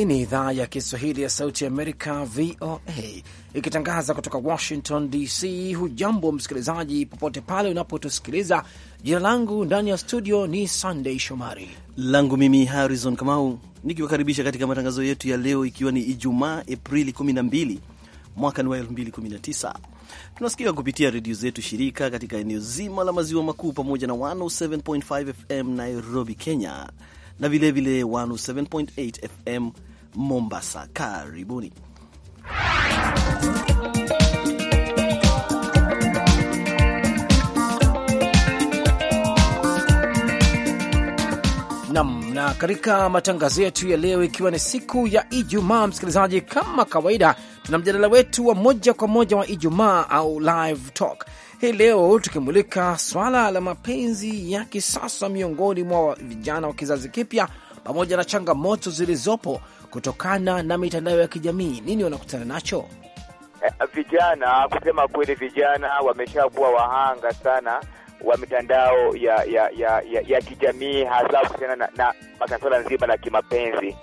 Hii ni idhaa ya Kiswahili ya Sauti Amerika, VOA, ikitangaza kutoka Washington DC. Hujambo msikilizaji, popote pale unapotusikiliza. Jina langu ndani ya studio ni sandey Shomari, langu mimi Harrison Kamau, nikiwakaribisha katika matangazo yetu ya leo, ikiwa ni Ijumaa Aprili 12 mwaka wa 2019. kupitia redio zetu shirika katika eneo zima la maziwa makuu pamoja na 107.5 FM Nairobi, Kenya, na vilevile 107.8 FM Mombasa. Karibuni. Nam na, katika matangazo yetu ya leo, ikiwa ni siku ya Ijumaa, msikilizaji, kama kawaida, tuna mjadala wetu wa moja kwa moja wa Ijumaa au live talk hii leo, tukimulika swala la mapenzi ya kisasa miongoni mwa vijana wa kizazi kipya pamoja na changamoto zilizopo kutokana na mitandao ya kijamii, nini wanakutana nacho? Eh, vijana, kusema kweli, vijana wameshakuwa wahanga sana wa mitandao ya ya ya, ya, ya kijamii hasa kuhusiana na, na masuala nzima la kimapenzi.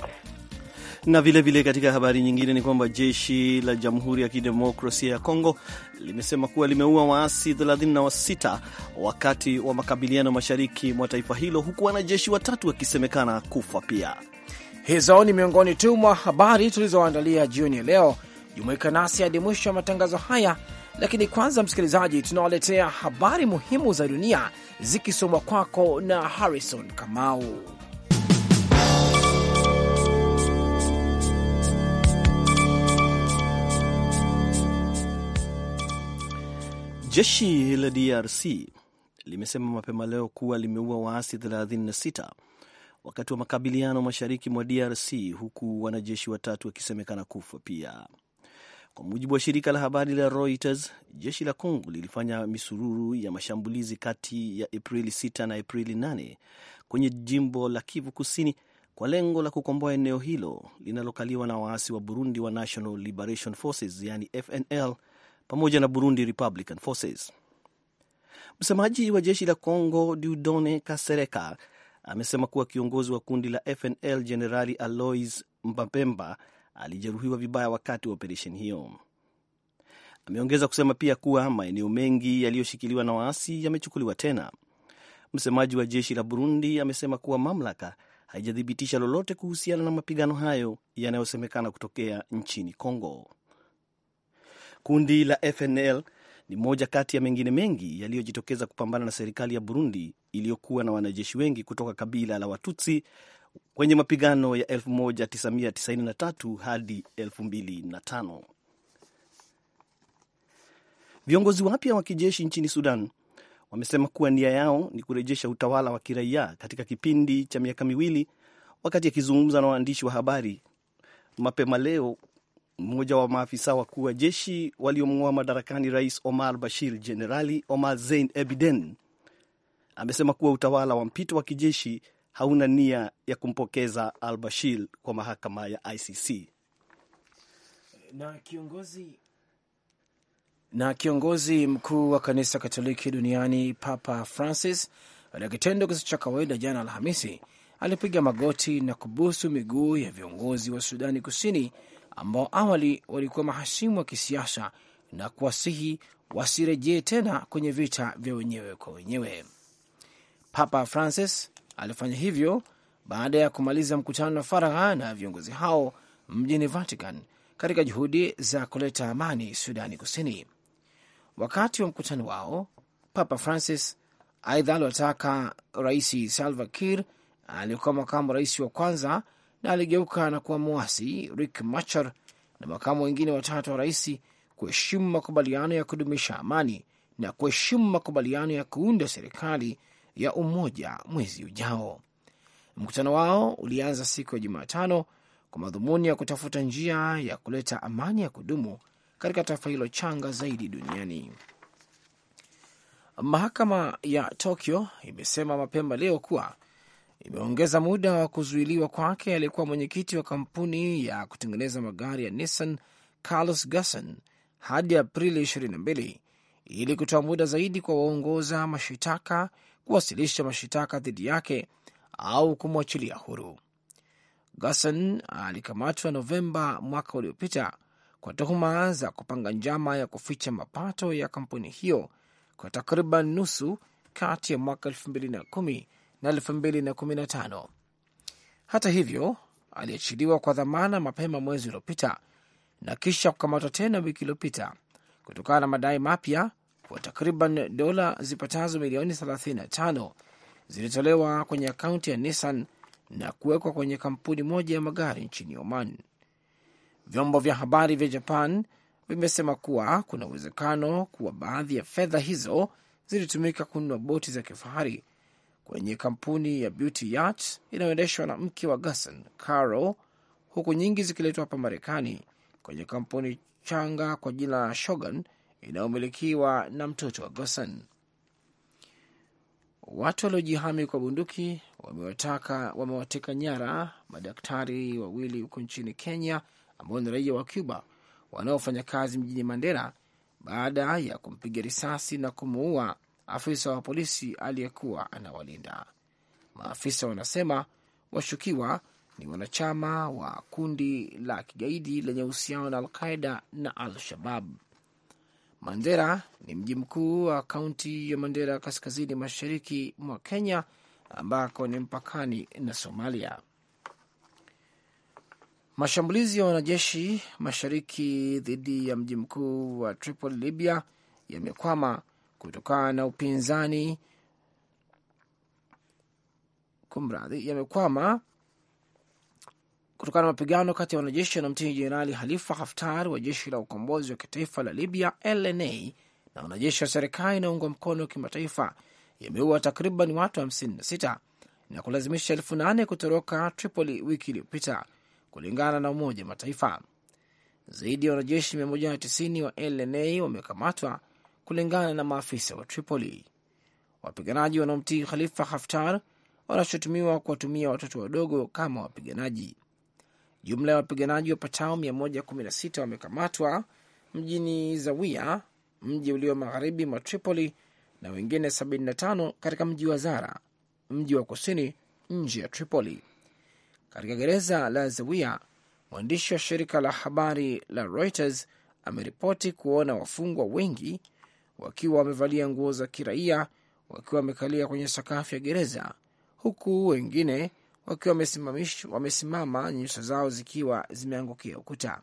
Na vilevile vile katika habari nyingine ni kwamba jeshi la Jamhuri ya Kidemokrasia ya Kongo limesema kuwa limeua waasi 36 wakati wa makabiliano mashariki mwa taifa hilo, huku wanajeshi watatu wakisemekana kufa pia. Hizo ni miongoni tu mwa habari tulizoandalia jioni ya leo. Jumuika nasi hadi mwisho wa matangazo haya, lakini kwanza, msikilizaji, tunawaletea habari muhimu za dunia zikisomwa kwako na Harrison Kamau. Jeshi la DRC limesema mapema leo kuwa limeua waasi 36 wakati wa makabiliano mashariki mwa DRC, huku wanajeshi watatu wakisemekana kufa pia. Kwa mujibu wa shirika la habari la Reuters, jeshi la Congo lilifanya misururu ya mashambulizi kati ya Aprili 6 na Aprili 8 kwenye jimbo la Kivu Kusini kwa lengo la kukomboa eneo hilo linalokaliwa na waasi wa Burundi wa National Liberation Forces, yani FNL pamoja na Burundi Republican Forces. Msemaji wa jeshi la Congo Diudone Kasereka amesema kuwa kiongozi wa kundi la FNL Jenerali Alois Mbapemba alijeruhiwa vibaya wakati wa operesheni hiyo. Ameongeza kusema pia kuwa maeneo mengi yaliyoshikiliwa na waasi yamechukuliwa tena. Msemaji wa jeshi la Burundi amesema kuwa mamlaka haijathibitisha lolote kuhusiana na mapigano hayo yanayosemekana kutokea nchini congo Kundi la FNL ni moja kati ya mengine mengi yaliyojitokeza kupambana na serikali ya Burundi iliyokuwa na wanajeshi wengi kutoka kabila la Watutsi kwenye mapigano ya 1993 hadi 2005. Viongozi wapya wa kijeshi nchini Sudan wamesema kuwa nia yao ni kurejesha utawala wa kiraia katika kipindi cha miaka miwili. Wakati akizungumza na waandishi wa habari mapema leo mmoja wa maafisa wakuu wa jeshi waliomng'oa madarakani rais Omar Bashir, Jenerali Omar Zein Ebiden amesema kuwa utawala wa mpito wa kijeshi hauna nia ya kumpokeza Al Bashir kwa mahakama ya ICC. Na kiongozi na kiongozi mkuu wa kanisa Katoliki duniani Papa Francis, katika kitendo kisicho cha kawaida, jana Alhamisi, alipiga magoti na kubusu miguu ya viongozi wa Sudani Kusini ambao awali walikuwa mahasimu wa kisiasa na kuwasihi wasirejee tena kwenye vita vya wenyewe kwa wenyewe. Papa Francis alifanya hivyo baada ya kumaliza mkutano wa faragha na viongozi hao mjini Vatican katika juhudi za kuleta amani Sudani Kusini. Wakati wa mkutano wao, Papa Francis aidha aliwataka Rais Salva Kiir aliyekuwa makamu rais wa kwanza na aligeuka na kuwa mwasi Riek Machar na makamu wengine watatu wa rais kuheshimu makubaliano ya kudumisha amani na kuheshimu makubaliano ya kuunda serikali ya umoja mwezi ujao. Mkutano wao ulianza siku ya Jumatano kwa madhumuni ya kutafuta njia ya kuleta amani ya kudumu katika taifa hilo changa zaidi duniani. Mahakama ya Tokyo imesema mapema leo kuwa imeongeza muda wa kuzuiliwa kwake aliyekuwa mwenyekiti wa kampuni ya kutengeneza magari ya Nissan Carlos Ghosn hadi Aprili 22 ili kutoa muda zaidi kwa waongoza mashitaka kuwasilisha mashitaka dhidi yake au kumwachilia huru. Ghosn alikamatwa Novemba mwaka uliopita kwa tuhuma za kupanga njama ya kuficha mapato ya kampuni hiyo kwa takriban nusu kati ya mwaka 2010 na Hata hivyo, aliachiliwa kwa dhamana mapema mwezi uliopita na kisha kukamatwa tena wiki iliyopita kutokana na madai mapya kwa takriban dola zipatazo milioni 35 zilitolewa kwenye akaunti ya Nissan na kuwekwa kwenye kampuni moja ya magari nchini Oman. Vyombo vya habari vya Japan vimesema kuwa kuna uwezekano kuwa baadhi ya fedha hizo zilitumika kununua boti za kifahari kwenye kampuni ya Beauty yat inayoendeshwa na mke wa Gassen, Carol, huku nyingi zikiletwa hapa Marekani kwenye kampuni changa kwa jina la Shogun inayomilikiwa na mtoto wa Gosen. Watu waliojihami kwa bunduki wamewataka wamewateka nyara madaktari wawili huko nchini Kenya ambao ni raia wa Cuba wanaofanya kazi mjini Mandera baada ya kumpiga risasi na kumuua afisa wa polisi aliyekuwa anawalinda. Maafisa wanasema washukiwa ni wanachama wa kundi la kigaidi lenye uhusiano na Alqaida na Al-Shabab. Mandera ni mji mkuu wa kaunti ya Mandera, kaskazini mashariki mwa Kenya, ambako ni mpakani na Somalia. Mashambulizi ya wanajeshi mashariki dhidi ya mji mkuu wa Tripoli, Libya, yamekwama kutokana na upinzani kumradhi, yamekwama kutokana na mapigano kati ya wanajeshi wanamtii Jenerali Halifa Haftar wa jeshi la ukombozi wa kitaifa la Libya LNA na wanajeshi wa serikali inaungwa mkono wa kimataifa yameua takriban watu 56 na kulazimisha elfu nane kutoroka Tripoli wiki iliyopita kulingana na Umoja wa Mataifa. Zaidi ya wanajeshi 190 wa LNA wamekamatwa kulingana na maafisa wa Tripoli. Wapiganaji wanaomtii Khalifa Haftar wanashutumiwa kuwatumia watoto wadogo kama wapiganaji. Jumla ya wapiganaji wapatao 116 wamekamatwa mjini zawia mji ulio magharibi mwa Tripoli, na wengine 75 katika mji wa Zara, mji wa kusini nje ya Tripoli. Katika gereza la zawia mwandishi wa shirika la habari la Reuters ameripoti kuona wafungwa wengi wakiwa wamevalia nguo za kiraia wakiwa wamekalia kwenye sakafu ya gereza, huku wengine wakiwa wamesimama, nyuso zao zikiwa zimeangukia ukuta.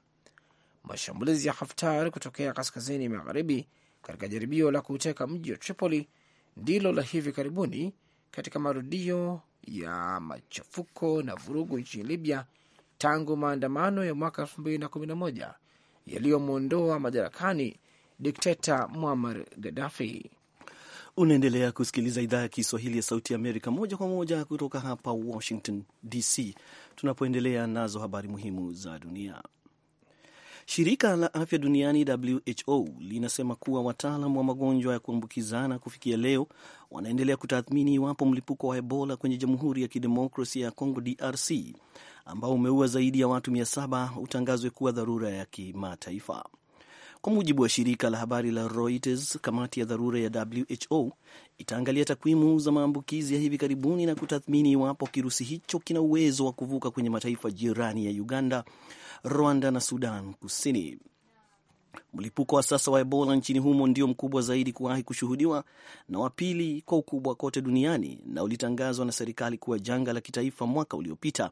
Mashambulizi ya Haftar kutokea kaskazini magharibi katika jaribio la kuuteka mji wa Tripoli ndilo la hivi karibuni katika marudio ya machafuko na vurugu nchini Libya tangu maandamano ya mwaka 2011 yaliyomwondoa madarakani dikteta Muammar Gaddafi. Unaendelea kusikiliza idhaa ya Kiswahili ya Sauti ya Amerika moja kwa moja kutoka hapa Washington DC, tunapoendelea nazo habari muhimu za dunia. Shirika la afya duniani WHO linasema kuwa wataalam wa magonjwa ya kuambukizana kufikia leo wanaendelea kutathmini iwapo mlipuko wa Ebola kwenye Jamhuri ya Kidemokrasia ya Kongo DRC ambao umeua zaidi ya watu 700 utangazwe kuwa dharura ya kimataifa. Kwa mujibu wa shirika la habari la Reuters, kamati ya dharura ya WHO itaangalia takwimu za maambukizi ya hivi karibuni na kutathmini iwapo kirusi hicho kina uwezo wa kuvuka kwenye mataifa jirani ya Uganda, Rwanda na Sudan Kusini. Mlipuko wa sasa wa Ebola nchini humo ndio mkubwa zaidi kuwahi kushuhudiwa na wa pili kwa ukubwa kote duniani na ulitangazwa na serikali kuwa janga la kitaifa mwaka uliopita,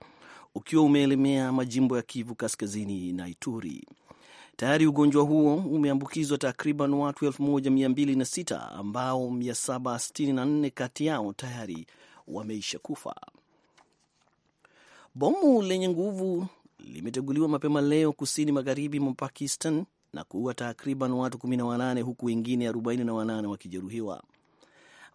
ukiwa umeelemea majimbo ya Kivu Kaskazini na Ituri. Tayari ugonjwa huo umeambukizwa takriban watu 1206 ambao 764 kati yao tayari wameisha kufa. Bomu lenye nguvu limeteguliwa mapema leo kusini magharibi mwa Pakistan na kuua takriban watu 18 huku wengine 48 wakijeruhiwa.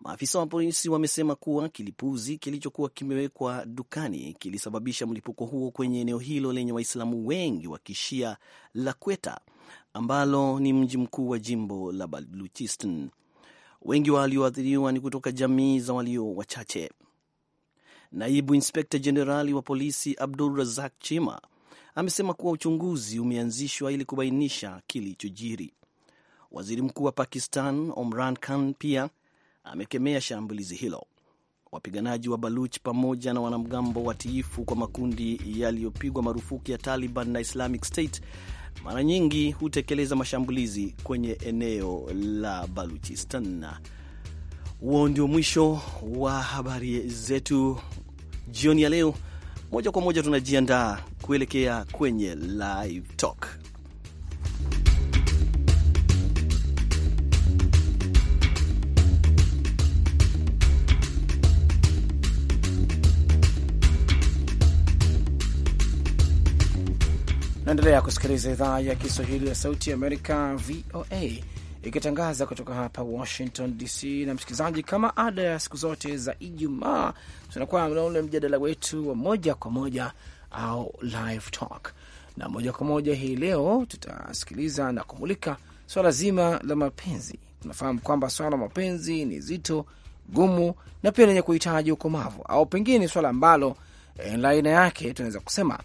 Maafisa wa polisi wamesema kuwa kilipuzi kilichokuwa kimewekwa dukani kilisababisha mlipuko huo kwenye eneo hilo lenye Waislamu wengi wa Kishia la Kweta ambalo ni mji mkuu wa jimbo la Baluchistan. Wengi walioathiriwa ni kutoka jamii za walio wachache. Naibu inspekta jenerali wa polisi Abdul Razak Chima amesema kuwa uchunguzi umeanzishwa ili kubainisha kilichojiri. Waziri mkuu wa Pakistan Omran Khan pia amekemea shambulizi hilo. Wapiganaji wa Baluch pamoja na wanamgambo watiifu kwa makundi yaliyopigwa marufuku ya Taliban na Islamic State mara nyingi hutekeleza mashambulizi kwenye eneo la Baluchistan. Huo ndio mwisho wa habari zetu jioni ya leo. Moja kwa moja tunajiandaa kuelekea kwenye live talk. Naendelea kusikiliza idhaa ya Kiswahili ya Sauti ya Amerika, VOA, ikitangaza kutoka hapa Washington DC. Na msikilizaji, kama ada ya siku zote za Ijumaa, tunakuwa na ule mjadala wetu wa moja kwa moja au live talk, na moja kwa moja hii leo tutasikiliza na kumulika swala zima la mapenzi. Tunafahamu kwamba swala la mapenzi ni zito, gumu na pia lenye kuhitaji ukomavu, au pengine ni swala ambalo eh, la aina yake tunaweza kusema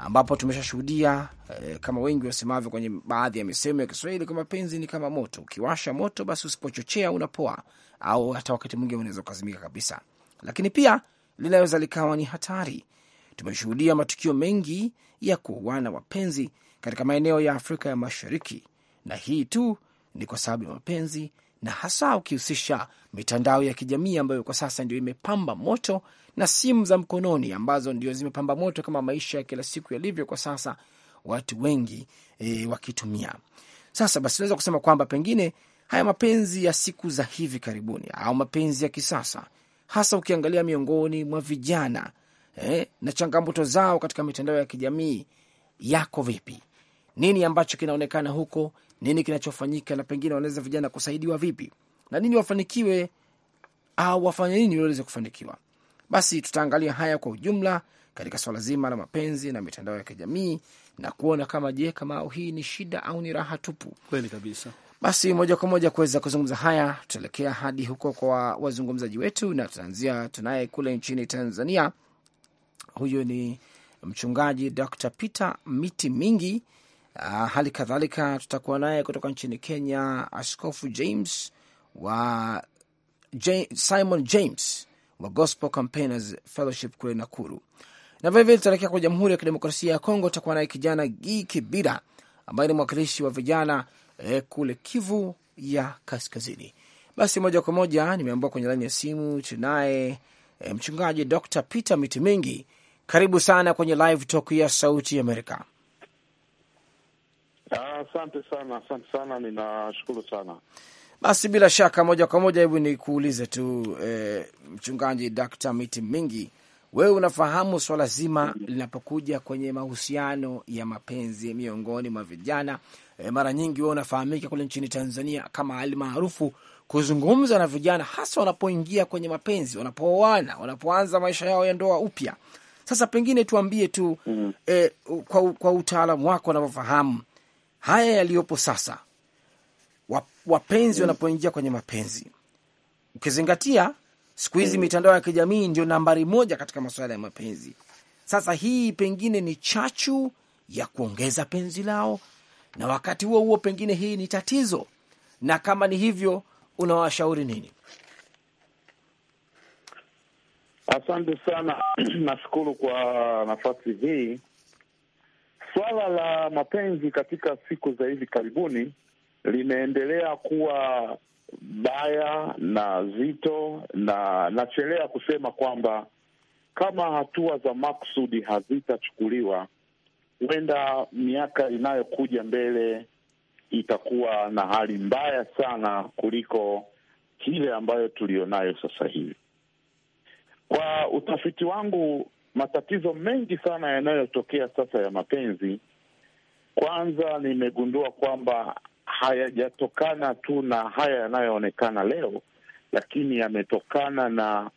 ambapo tumeshashuhudia eh, kama wengi wasemavyo kwenye baadhi ya misemo ya Kiswahili kwamba penzi ni kama moto, ukiwasha moto basi usipochochea unapoa, au hata wakati mwingine unaweza ukazimika kabisa, lakini pia linaweza likawa ni hatari. Tumeshuhudia matukio mengi ya kuuana wapenzi katika maeneo ya Afrika ya Mashariki, na hii tu ni kwa sababu ya mapenzi, na hasa ukihusisha mitandao ya kijamii ambayo kwa sasa ndio imepamba moto na simu za mkononi ambazo ndio zimepamba moto kama maisha ya kila siku yalivyo kwa sasa, watu wengi e, wakitumia. Sasa basi unaweza kusema kwamba pengine haya mapenzi ya siku za hivi karibuni au mapenzi ya kisasa, hasa ukiangalia miongoni mwa vijana eh, na changamoto zao katika mitandao ya kijamii yako vipi? Nini ambacho kinaonekana huko? Nini kinachofanyika? Na pengine wanaweza vijana kusaidiwa vipi, na nini wafanikiwe au wafanye nini waweze kufanikiwa? Basi tutaangalia haya kwa ujumla katika swala zima la mapenzi na mitandao ya kijamii na kuona kama je, kama hii ni shida au ni raha tupu. Kweli kabisa. Basi moja kwa moja kuweza kuzungumza haya, tutaelekea hadi huko kwa wazungumzaji wetu, na tutaanzia tunaye kule nchini Tanzania. Huyu ni mchungaji Dr. Peter Miti Mingi. Uh, hali kadhalika tutakuwa naye kutoka nchini Kenya, Askofu James wa James, Simon James wa Gospel Campaigners Fellowship kule Nakuru. Na vilevile tutaelekea kwa Jamhuri ya Kidemokrasia ya Kongo, tutakuwa naye kijana Gi Kibira ambaye ni mwakilishi wa vijana eh, kule Kivu ya Kaskazini. Basi moja kwa moja nimeambua kwenye laini ya simu tunaye eh, mchungaji Dr Peter Mitimingi. Karibu sana kwenye Live Talk ya Sauti Amerika. Ah, asante sana, asante sana, ninashukuru sana. Basi bila shaka moja kwa moja, hebu nikuulize tu eh, mchungaji Dr. Miti Mingi, wewe unafahamu swala zima linapokuja kwenye mahusiano ya mapenzi miongoni mwa vijana eh, mara nyingi wewe unafahamika kule nchini Tanzania kama hali maarufu kuzungumza na vijana, hasa wanapoingia kwenye mapenzi, wanapooana, wanapoanza maisha yao ya ndoa upya. Sasa pengine tuambie tu mm. eh, kwa, kwa utaalamu wako unavyofahamu haya yaliyopo sasa wapenzi wanapoingia kwenye mapenzi. Ukizingatia siku hizi mitandao ya kijamii ndio nambari moja katika masuala ya mapenzi. Sasa hii pengine ni chachu ya kuongeza penzi lao, na wakati huo huo pengine hii ni tatizo. Na kama ni hivyo, unawashauri nini? Asante sana nashukuru kwa nafasi hii. Swala la mapenzi katika siku za hivi karibuni limeendelea kuwa baya na zito, na nachelea kusema kwamba kama hatua za maksudi hazitachukuliwa, huenda miaka inayokuja mbele itakuwa na hali mbaya sana kuliko kile ambayo tuliyonayo sasa hivi. Kwa utafiti wangu, matatizo mengi sana yanayotokea sasa ya mapenzi, kwanza nimegundua kwamba hayajatokana tu na haya yanayoonekana leo, lakini yametokana na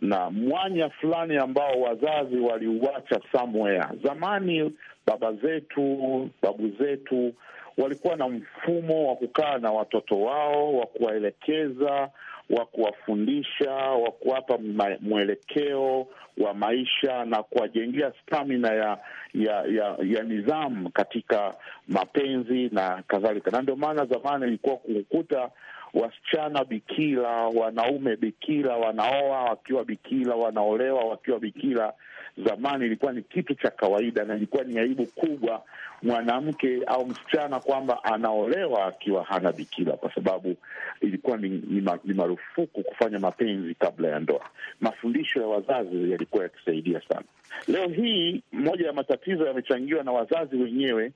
na mwanya fulani ambao wazazi waliuacha somewhere zamani. Baba zetu, babu zetu walikuwa na mfumo wa kukaa na watoto wao wa kuwaelekeza wa kuwafundisha, wa kuwapa mwelekeo wa maisha na kuwajengea stamina ya, ya ya ya nidhamu katika mapenzi na kadhalika. Na ndio maana zamani ilikuwa kukuta wasichana bikira, wanaume bikira, wanaoa wakiwa bikira, wanaolewa wakiwa bikira zamani ilikuwa ni kitu cha kawaida na ilikuwa ni aibu kubwa mwanamke au msichana kwamba anaolewa akiwa hana bikira, kwa sababu ilikuwa ni, ni, ni marufuku kufanya mapenzi kabla ya ndoa. Mafundisho ya wazazi yalikuwa yakisaidia sana. Leo hii moja ya matatizo yamechangiwa na wazazi wenyewe.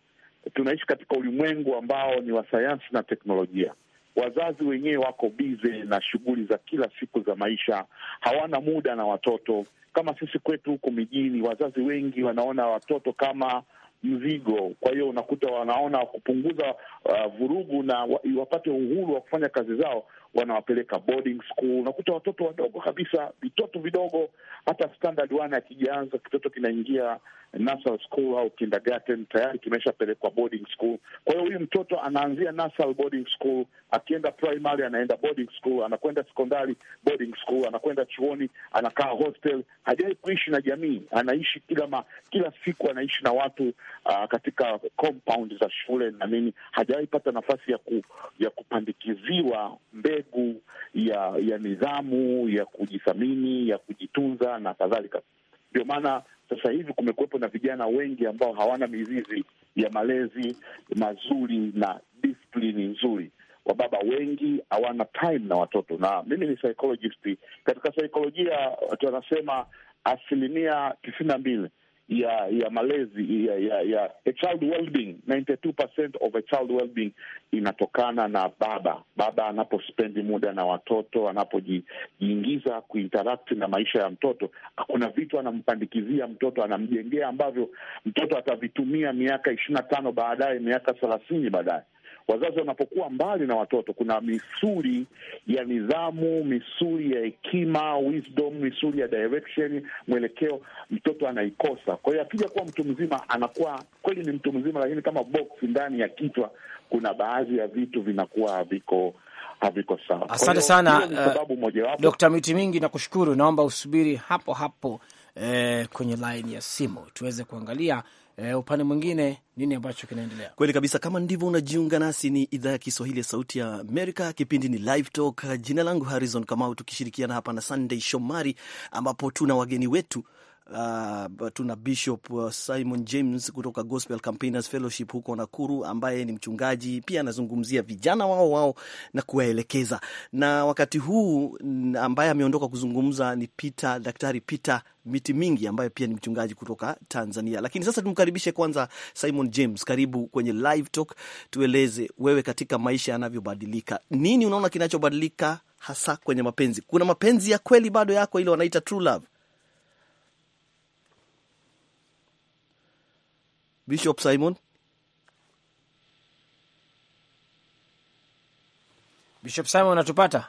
Tunaishi katika ulimwengu ambao ni wa sayansi na teknolojia wazazi wenyewe wako bize na shughuli za kila siku za maisha, hawana muda na watoto. Kama sisi kwetu huku mijini, wazazi wengi wanaona watoto kama mzigo. Kwa hiyo unakuta wanaona kupunguza uh, vurugu na wapate uhuru wa kufanya kazi zao, wanawapeleka boarding school. Unakuta watoto wadogo kabisa, vitoto vidogo, hata standard one akijaanza kitoto kinaingia nursery school au kindergarten tayari kimeshapelekwa boarding school. Kwa hiyo huyu mtoto anaanzia nursery boarding school, akienda primary anaenda boarding school, anakwenda sekondari boarding school, anakwenda chuoni anakaa hostel. Hajai kuishi na jamii, anaishi kila ma, kila siku anaishi na watu uh, katika compound za shule na nini. Hajawahi pata nafasi ya, ku, ya kupandikiziwa mbele mbegu ya ya nidhamu ya kujithamini ya kujitunza na kadhalika. Ndio maana sasa hivi kumekuwepo na vijana wengi ambao hawana mizizi ya malezi mazuri na disiplini nzuri. Wababa wengi hawana time na watoto, na mimi ni psychologist. Katika saikolojia watu wanasema asilimia tisini na mbili ya ya malezi ya ya, ya a child wellbeing 92% of a child wellbeing inatokana na baba. Baba anapospendi muda na watoto, anapojiingiza kuinteract na maisha ya mtoto, kuna vitu anampandikizia mtoto, anamjengea ambavyo mtoto atavitumia miaka ishirini na tano baadaye, miaka thelathini baadaye wazazi wanapokuwa mbali na watoto, kuna misuri ya nidhamu, misuri ya hekima, wisdom, ya direction, mwelekeo, mtoto anaikosa. Kwa hiyo akija kuwa mtu mzima, anakuwa kweli ni mtu mzima, lakini kama bos ndani ya kichwa, kuna baadhi ya vitu vinakuwa haviko haviko sawa. Asante sana uh, eh, Dr. Miti Mingi, nakushukuru. Naomba usubiri hapo hapo eh, kwenye laini ya simu tuweze kuangalia e, upande mwingine nini ambacho kinaendelea. Kweli kabisa, kama ndivyo unajiunga nasi, ni idhaa ya Kiswahili ya Sauti ya Amerika, kipindi ni Live Talk. Jina langu Harrison Kamau, tukishirikiana hapa na Sunday Shomari, ambapo tuna wageni wetu Uh, tuna Bishop uh, Simon James kutoka Gospel Campaigners Fellowship huko Nakuru, ambaye ni mchungaji pia, anazungumzia vijana wao wao na kuwaelekeza. Na wakati huu ambaye ameondoka kuzungumza ni Peter, Daktari Peter Miti Mingi ambaye pia ni mchungaji kutoka Tanzania. Lakini sasa tumkaribishe kwanza Simon James, karibu kwenye Live Talk. Tueleze wewe, katika maisha yanavyobadilika, nini unaona kinachobadilika hasa kwenye mapenzi? Kuna mapenzi ya kweli bado yako, ile wanaita true love? Bishop Simon Bishop Simon unatupata?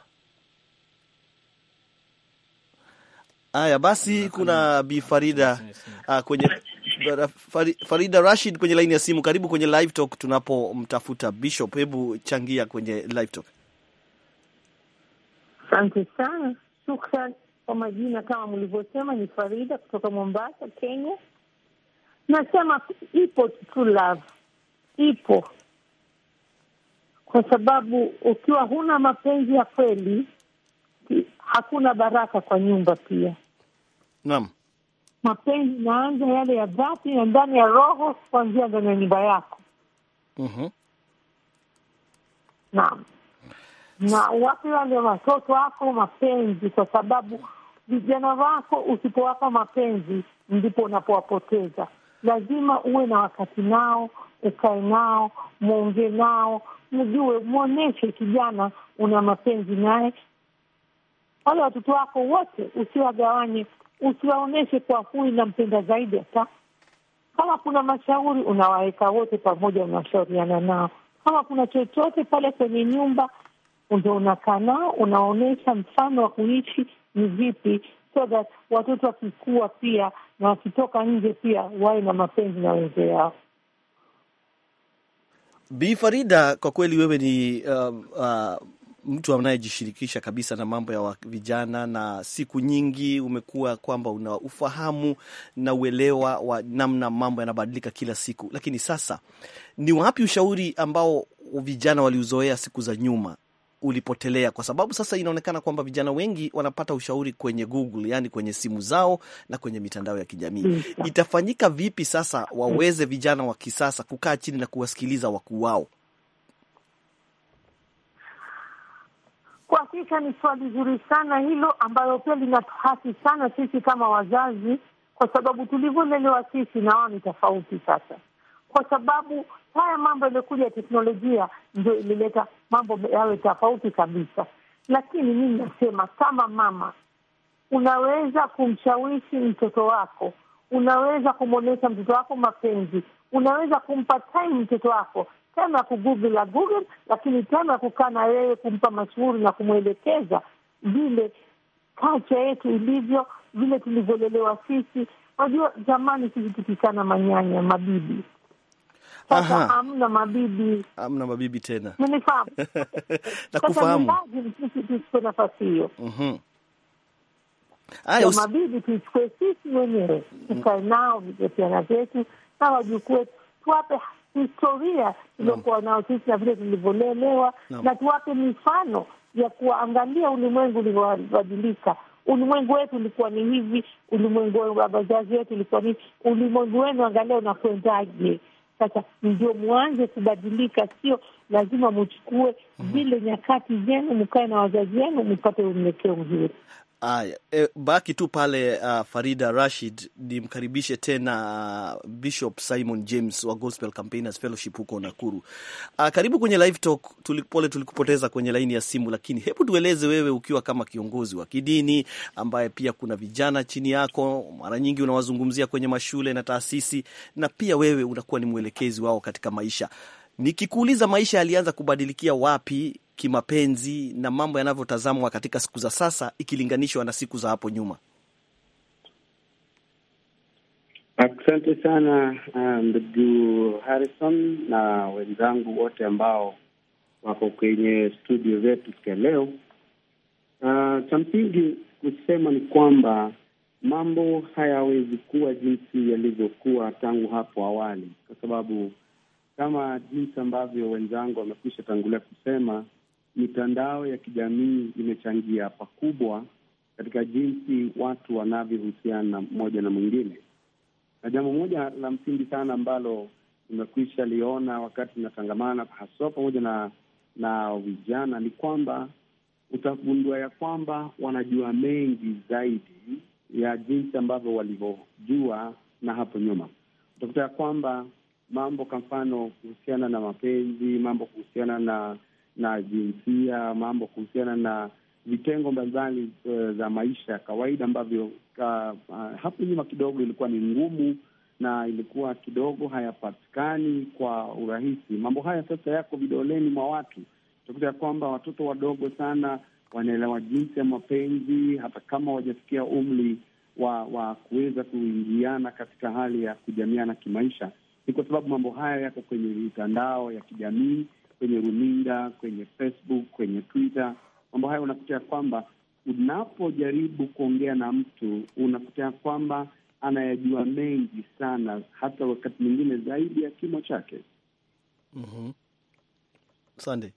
Aya basi, kuna Bi Farida uh, kwenye Farida Rashid kwenye laini ya simu. Karibu kwenye live talk tunapomtafuta Bishop. Hebu changia kwenye live talk. Asante sana, shukran. Kwa majina kama mlivyosema, ni Farida kutoka Mombasa, Kenya. Nasema ipo tu love, ipo kwa sababu ukiwa huna mapenzi ya kweli hakuna baraka kwa nyumba pia. Naam, mapenzi naanza yale ya dhati na ndani ya roho, kuanzia ndani ya nyumba yako. mm-hmm. Naam, na uwape wale watoto wako mapenzi, kwa sababu vijana wako usipowapa mapenzi ndipo unapowapoteza lazima uwe na wakati nao, ukae nao, mwonge nao, mjue, mwonyeshe kijana una mapenzi naye. Wale watoto wako wote usiwagawanye, usiwaonyeshe kwa huyu nampenda zaidi. Hata kama kuna mashauri unawaweka wote pamoja, unashauriana nao. Kama kuna chochote pale kwenye nyumba, ndo unakaa nao, unaonyesha mfano wa kuishi ni vipi so that watoto wakikua pia na wakitoka nje pia wawe na mapenzi na wenzi yao. Bi Farida, kwa kweli wewe ni uh, uh, mtu anayejishirikisha kabisa na mambo ya vijana, na siku nyingi umekuwa kwamba una ufahamu na uelewa wa namna mambo yanabadilika kila siku. Lakini sasa, ni wapi ushauri ambao vijana waliuzoea siku za nyuma ulipotelea, kwa sababu sasa inaonekana kwamba vijana wengi wanapata ushauri kwenye Google, yani kwenye simu zao na kwenye mitandao ya kijamii. Mm. Itafanyika vipi sasa waweze vijana wa kisasa kukaa chini na kuwasikiliza wakuu wao? Kwa hakika ni swali zuri sana hilo, ambayo pia linatuhasi sana sisi kama wazazi, kwa sababu tulivyolelewa sisi na wao ni tofauti sasa kwa sababu haya mambo yaliyokuja ya teknolojia ndio ilileta mambo yawe tofauti kabisa. Lakini mimi nasema kama mama, unaweza kumshawishi mtoto wako, unaweza kumwonyesha mtoto wako mapenzi, unaweza kumpa time mtoto wako time ya kugoogle la Google, lakini time ya kukaa na yeye, kumpa mashughuri na kumwelekeza vile kacha yetu ilivyo, vile tulivyolelewa sisi. Unajua, zamani sisi tukikana manyanya mabibi sasa hamna mabibi, amna mabibi tena. Umenifahamu? Nakufahamu. Sasa sisi tuchukue nafasi hiyo. Mhm. Haya, mabibi tuichukue sisi wenyewe, tukae nao vijana vyetu na wajukuu wetu, tuwape historia tuliokuwa nao sisi na vile tulivyolelewa, na tuwape mifano ya kuwaangalia ulimwengu ulivyobadilika. Ulimwengu wetu ulikuwa ni hivi, ulimwengu wa wazazi wetu ulikuwa ni ulimwengu wenu angalia unakwendaje? Sasa ndio mwanze kubadilika, sio lazima muchukue mhm. zile nyakati zenu, mkae na wazazi wenu, mpate mwelekeo mzuri. Aya, e, baki tu pale uh, Farida Rashid, nimkaribishe tena uh, Bishop Simon James wa Gospel Campaigners Fellowship huko Nakuru. Uh, karibu kwenye Live Talk. Tulipole tulikupoteza kwenye laini ya simu, lakini hebu tueleze wewe, ukiwa kama kiongozi wa kidini ambaye pia kuna vijana chini yako, mara nyingi unawazungumzia kwenye mashule na taasisi, na pia wewe unakuwa ni mwelekezi wao katika maisha Nikikuuliza, maisha yalianza kubadilikia wapi kimapenzi na mambo yanavyotazamwa katika siku za sasa ikilinganishwa na siku za hapo nyuma? Asante sana uh, ndugu um, Harrison na wenzangu wote ambao wako kwenye studio zetu sikia leo. Uh, cha msingi kusema ni kwamba mambo hayawezi kuwa jinsi yalivyokuwa tangu hapo awali, kwa sababu kama jinsi ambavyo wenzangu wamekwisha tangulia kusema, mitandao ya kijamii imechangia pakubwa katika jinsi watu wanavyohusiana mmoja na mwingine, na jambo moja la msingi sana ambalo limekwisha liona wakati inatangamana haswa pamoja na na vijana ni kwamba utagundua ya kwamba wanajua mengi zaidi ya jinsi ambavyo walivyojua na hapo nyuma. Utakuta ya kwamba mambo kwa mfano kuhusiana na mapenzi, mambo kuhusiana na na jinsia, mambo kuhusiana na vitengo mbalimbali uh, za maisha ya kawaida ambavyo uh, uh, hapo nyuma kidogo ilikuwa ni ngumu na ilikuwa kidogo hayapatikani kwa urahisi. Mambo haya sasa yako vidoleni mwa watu. Utakuta ya kwamba watoto wadogo sana wanaelewa jinsi ya mapenzi hata kama wajafikia umri wa, wa kuweza kuingiana katika hali ya kujamiana kimaisha ni kwa sababu mambo haya yako kwenye mitandao ya kijamii, kwenye runinga, kwenye Facebook, kwenye Twitter. Mambo haya unakuta ya kwamba unapojaribu kuongea na mtu unakuta ya kwamba anayajua mengi sana, hata wakati mwingine zaidi ya kimo chake. mm -hmm. Sande.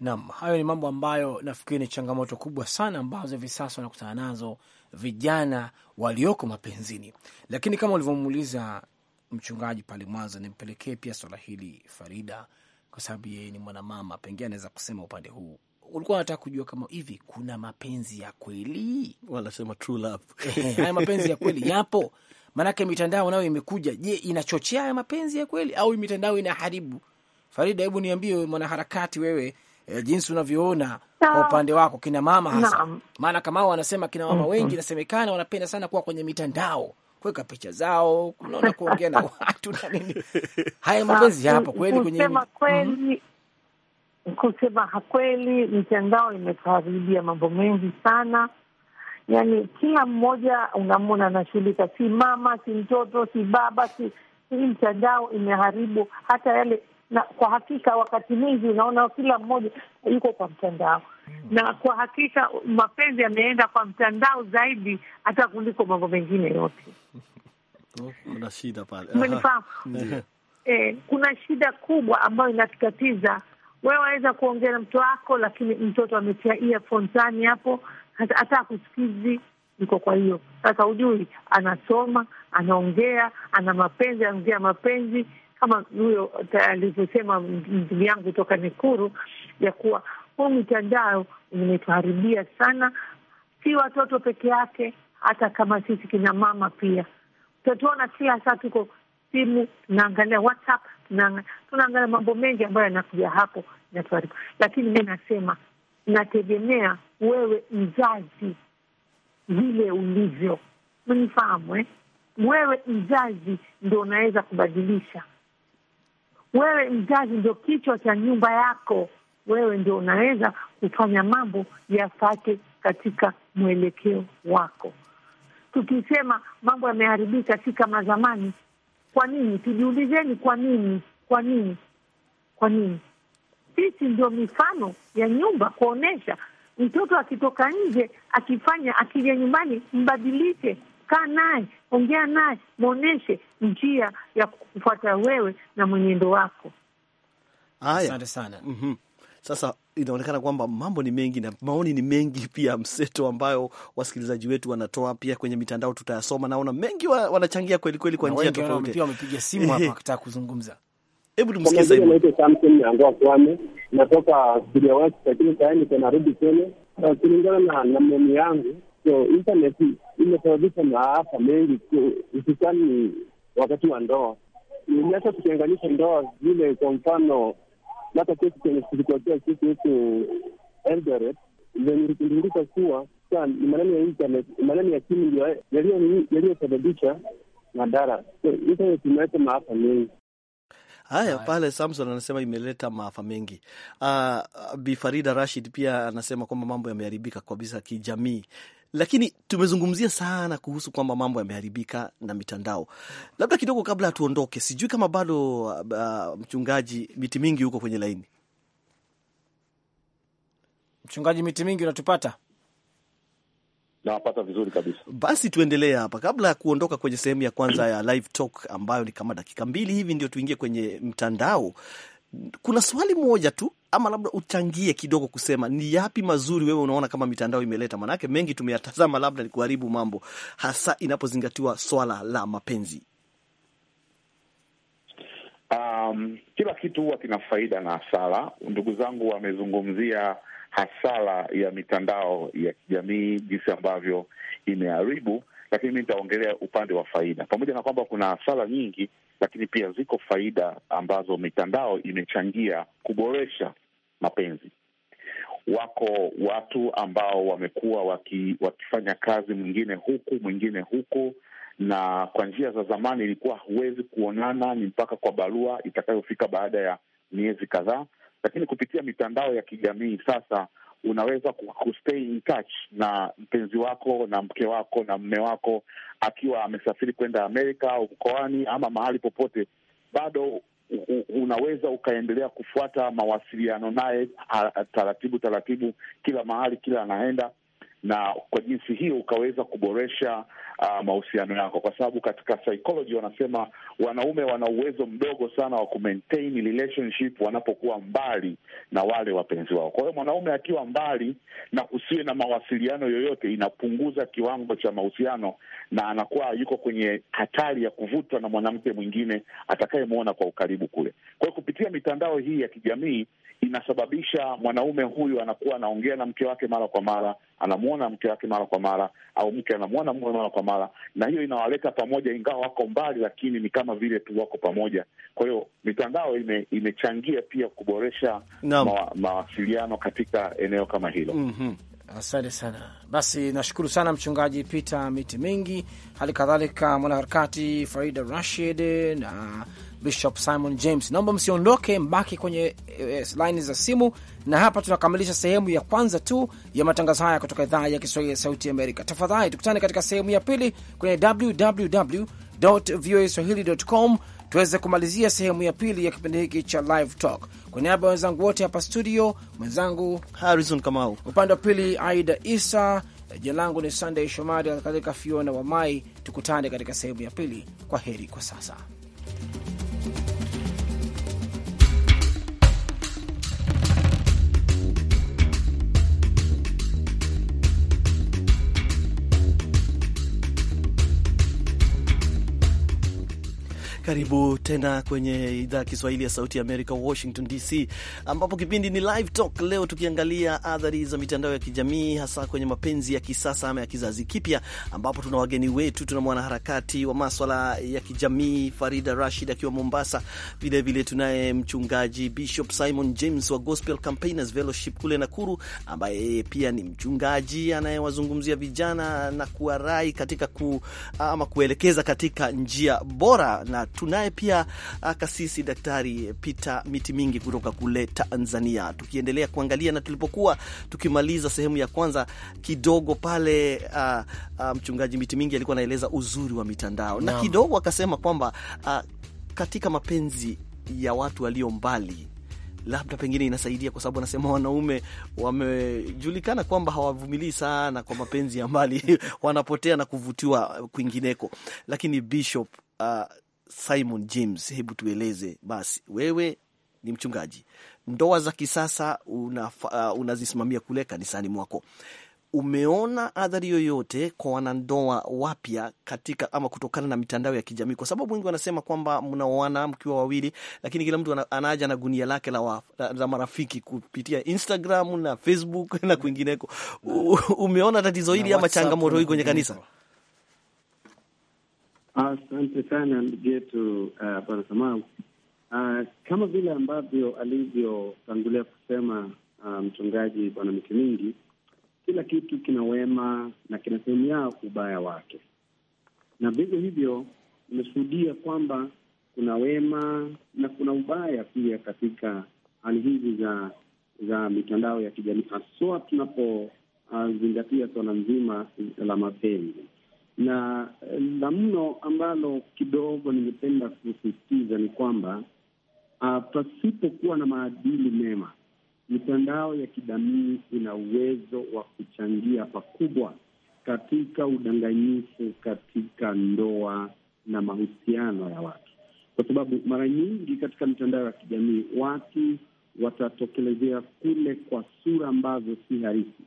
Naam, hayo ni mambo ambayo nafikiri ni changamoto kubwa sana ambazo hivi sasa wanakutana nazo vijana walioko mapenzini, lakini kama ulivyomuuliza mchungaji pale Mwanza, nimpelekee pia swala hili Farida, kwa sababu yeye ni mwanamama, pengine anaweza kusema upande huu ulikuwa unataka kujua kama hivi kuna mapenzi ya kweli, wanasema true love. Haya mapenzi ya kweli yapo? Maanake mitandao nayo imekuja. Je, inachochea haya mapenzi ya kweli au mitandao inaharibu? Farida, hebu niambie mwanaharakati wewe, e, jinsi unavyoona kwa upande wako kina mama hasa, maana kama wanasema kina mama mm-hmm. wengi inasemekana wanapenda sana kuwa kwenye mitandao kuweka picha zao, kunaona kuongea na watu na nini. Haya mapenzi yapo kweli kwenye kusema mm-hmm. kweli, mitandao imekaribia mambo mengi sana. Yani kila mmoja unamwona anashughulika, si mama, si mtoto, si baba, si hii. Mtandao imeharibu hata yale, na kwa hakika wakati mwingi unaona kila mmoja yuko kwa mtandao na kwa hakika mapenzi yameenda kwa mtandao zaidi hata kuliko mambo mengine yote. Oh, kuna shida pale, E, kuna shida kubwa ambayo inatukatiza wewe waweza kuongea na mtu wako, lakini mtoto ametia earphone hapo, hata akusikizi iko. Kwa hiyo sasa hujui, anasoma anaongea, ana mapenzi, anaongea mapenzi kama huyo alivyosema ndugu yangu toka Nikuru ya kuwa huu mitandao umetuharibia sana, si watoto peke yake, hata kama sisi kina mama pia tatuona kila saa tuko simu, tunaangalia WhatsApp, tunaangalia mambo mengi ambayo yanakuja hapo natuharibu. Lakini mi nasema nategemea wewe mzazi vile ulivyo, mnifahamu eh? Wewe mzazi ndo unaweza kubadilisha. Wewe mzazi ndo kichwa cha nyumba yako wewe ndio unaweza kufanya mambo yafate katika mwelekeo wako. Tukisema mambo yameharibika, si kama zamani. Kwa nini? Tujiulizeni, kwa nini? Kwa nini? Kwa nini? Sisi ndio mifano ya nyumba kuonyesha mtoto akitoka nje, akifanya, akija nyumbani, mbadilishe. Kaa naye, ongea naye, mwonyeshe njia ya kufuata wewe na mwenendo wako. Haya, asante sana. mm -hmm. Sasa inaonekana kwamba mambo ni mengi na maoni ni mengi pia mseto, ambayo wasikilizaji wetu wanatoa pia kwenye mitandao, tutayasoma. Naona mengi wa, wanachangia kwelikweli kwa njia tofauti. Wamepiga simu hapa wakitaka kuzungumza. Hebu tumsikize. Naitwa Samson Nyangwa Kwame, natoka studio West, lakini saa hii niko narudi Kenya. Kulingana na na maoni yangu, so internet imesababisha maafa mengi, hususani wakati wa ndoa. Nimeacha tukianganisha ndoa zile, kwa mfano hata kesi kwenye tulikuachia kesi yetu Eldoret venye kuwa saa ni maneno ya internet, maneno ya simu ndio yaliyosababisha madhara. Internet imeleta maafa mengi. Haya, pale Samson anasema imeleta maafa mengi. Uh, Bi Farida Rashid pia anasema kwamba mambo yameharibika kabisa kijamii. Lakini tumezungumzia sana kuhusu kwamba mambo yameharibika na mitandao. Labda kidogo kabla hatuondoke, sijui kama bado uh, uh, mchungaji miti mingi huko kwenye laini. Mchungaji miti mingi, unatupata? Nawapata vizuri kabisa. Basi tuendelee hapa, kabla ya kuondoka kwenye sehemu ya kwanza ya live talk ambayo ni kama dakika mbili hivi, ndio tuingie kwenye mtandao kuna swali moja tu ama labda uchangie kidogo kusema ni yapi mazuri wewe unaona kama mitandao imeleta, manake mengi tumeyatazama, labda ni kuharibu mambo, hasa inapozingatiwa swala la mapenzi. Um, kila kitu huwa kina faida na hasara. Ndugu zangu wamezungumzia hasara ya mitandao ya kijamii, jinsi ambavyo imeharibu, lakini mi nitaongelea upande wa faida, pamoja na kwamba kuna hasara nyingi lakini pia ziko faida ambazo mitandao imechangia kuboresha mapenzi. Wako watu ambao wamekuwa waki, wakifanya kazi mwingine huku mwingine huku, na kwa njia za zamani ilikuwa huwezi kuonana, ni mpaka kwa barua itakayofika baada ya miezi kadhaa, lakini kupitia mitandao ya kijamii sasa unaweza kustay in touch na mpenzi wako na mke wako na mme wako akiwa amesafiri kwenda Amerika au mkoani ama mahali popote, bado unaweza ukaendelea kufuata mawasiliano naye taratibu taratibu, kila mahali, kila anaenda na kwa jinsi hiyo ukaweza kuboresha uh, mahusiano yako, kwa sababu katika psychology wanasema wanaume wana uwezo mdogo sana wa kumaintain relationship wanapokuwa mbali na wale wapenzi wao. Kwa hiyo mwanaume akiwa mbali na kusiwe na mawasiliano yoyote, inapunguza kiwango cha mahusiano na anakuwa yuko kwenye hatari ya kuvutwa na mwanamke mwingine atakayemwona kwa ukaribu kule. Kwa hiyo kupitia mitandao hii ya kijamii inasababisha mwanaume huyu anakuwa anaongea na mke wake mara kwa mara, anamu anamwona mke wake mara kwa mara, au mke anamwona mume mara kwa mara, na hiyo inawaleta pamoja, ingawa wako mbali, lakini ni kama vile tu wako pamoja. Kwa hiyo mitandao ime, imechangia pia kuboresha ma, mawasiliano katika eneo kama hilo. mm -hmm. Asante sana. Basi nashukuru sana Mchungaji Peter Miti mingi, hali kadhalika mwanaharakati Farida Rashid na Bishop Simon James. Naomba msiondoke, mbaki kwenye eh, eh, e, laini za simu, na hapa tunakamilisha sehemu ya kwanza tu ya matangazo haya kutoka idhaa ya Kiswahili ya Sauti Amerika. Tafadhali tukutane katika sehemu ya pili kwenye www voa swahili com tuweze kumalizia sehemu ya pili ya kipindi hiki cha Live Talk. Kwa niaba ya wenzangu wote hapa studio, mwenzangu Harrison Kamau, upande wa pili Aida Isa, jina langu ni Sunday Shomari katika Fiona wa Mai. Tukutane katika sehemu ya pili. Kwa heri kwa sasa. Karibu tena kwenye idhaa ya Kiswahili ya Sauti ya Amerika, Washington DC, ambapo kipindi ni Live Talk, leo tukiangalia athari za mitandao ya kijamii, hasa kwenye mapenzi ya kisasa ama ya kizazi kipya, ambapo tuna wageni wetu. Tuna mwanaharakati wa maswala ya kijamii Farida Rashid akiwa Mombasa, vilevile tunaye mchungaji Bishop Simon James wa Gospel Campaigners Fellowship kule Nakuru, ambaye pia ni mchungaji anayewazungumzia vijana na kuwarai katika ku, ama kuelekeza katika njia bora na tunaye pia ah, kasisi Daktari Peter Miti Mingi kutoka kule Tanzania, tukiendelea kuangalia na tulipokuwa tukimaliza sehemu ya kwanza kidogo pale, uh, uh, mchungaji Miti Mingi alikuwa anaeleza uzuri wa mitandao no. na kidogo akasema kwamba uh, katika mapenzi ya watu walio mbali labda pengine inasaidia kwa sababu anasema wanaume wamejulikana kwamba hawavumilii sana kwa mapenzi ya mbali wanapotea na kuvutiwa kwingineko. Lakini Bishop uh, Simon James, hebu tueleze basi, wewe ni mchungaji, ndoa za kisasa unazisimamia uh, unazisimamia kule kanisani mwako. Umeona adhari yoyote kwa wanandoa wapya katika ama kutokana na mitandao ya kijamii? Kwa sababu wengi wanasema kwamba mnaoana mkiwa wawili, lakini kila mtu anaja na gunia lake la, wa, la marafiki kupitia Instagram na Facebook na kwingineko. Umeona tatizo hili ama changamoto hii kwenye kanisa? Asante sana ndugu yetu uh, bwana samau Uh, ah, kama vile ambavyo alivyotangulia kusema uh, mchungaji bwana miti mingi, kila kitu kina wema na kina sehemu yao ubaya wake, na vivyo hivyo imeshuhudia kwamba kuna wema na kuna ubaya pia katika hali hizi za za mitandao ya kijamii, haswa tunapozingatia uh, swala nzima la mapenzi na la mno ambalo kidogo nimependa kusisitiza ni kwamba uh, pasipokuwa na maadili mema, mitandao ya kijamii ina uwezo wa kuchangia pakubwa katika udanganyifu katika ndoa na mahusiano ya watu, kwa sababu mara nyingi katika mitandao ya kijamii watu watatokelezea kule kwa sura ambazo si harisi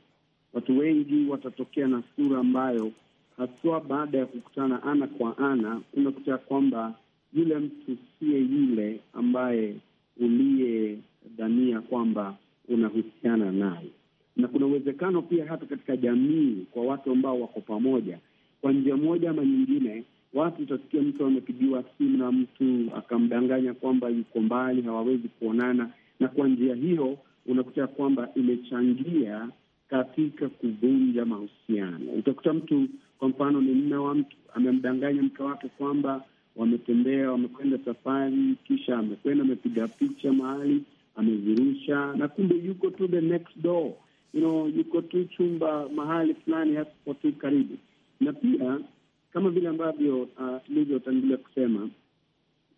Watu wengi watatokea na sura ambayo haswa baada ya kukutana ana kwa ana, umekuta kwamba yule mtu siye yule ambaye uliyedhania kwamba unahusiana naye, na kuna uwezekano pia hata katika jamii kwa watu ambao wako pamoja, kwa njia moja ama nyingine, watu utasikia mtu amepigiwa simu na mtu akamdanganya kwamba yuko mbali, hawawezi kuonana, na kwa njia hiyo unakuta kwamba imechangia katika kuvunja mahusiano. Utakuta mtu kwa mfano, ni mme wa mtu amemdanganya mke wake kwamba wametembea, wamekwenda safari, kisha amekwenda amepiga picha mahali amezirusha, na kumbe yuko tu the next door, you know, yuko tu chumba mahali fulani hapo tu karibu. Na pia kama vile ambavyo tulivyotangulia uh, kusema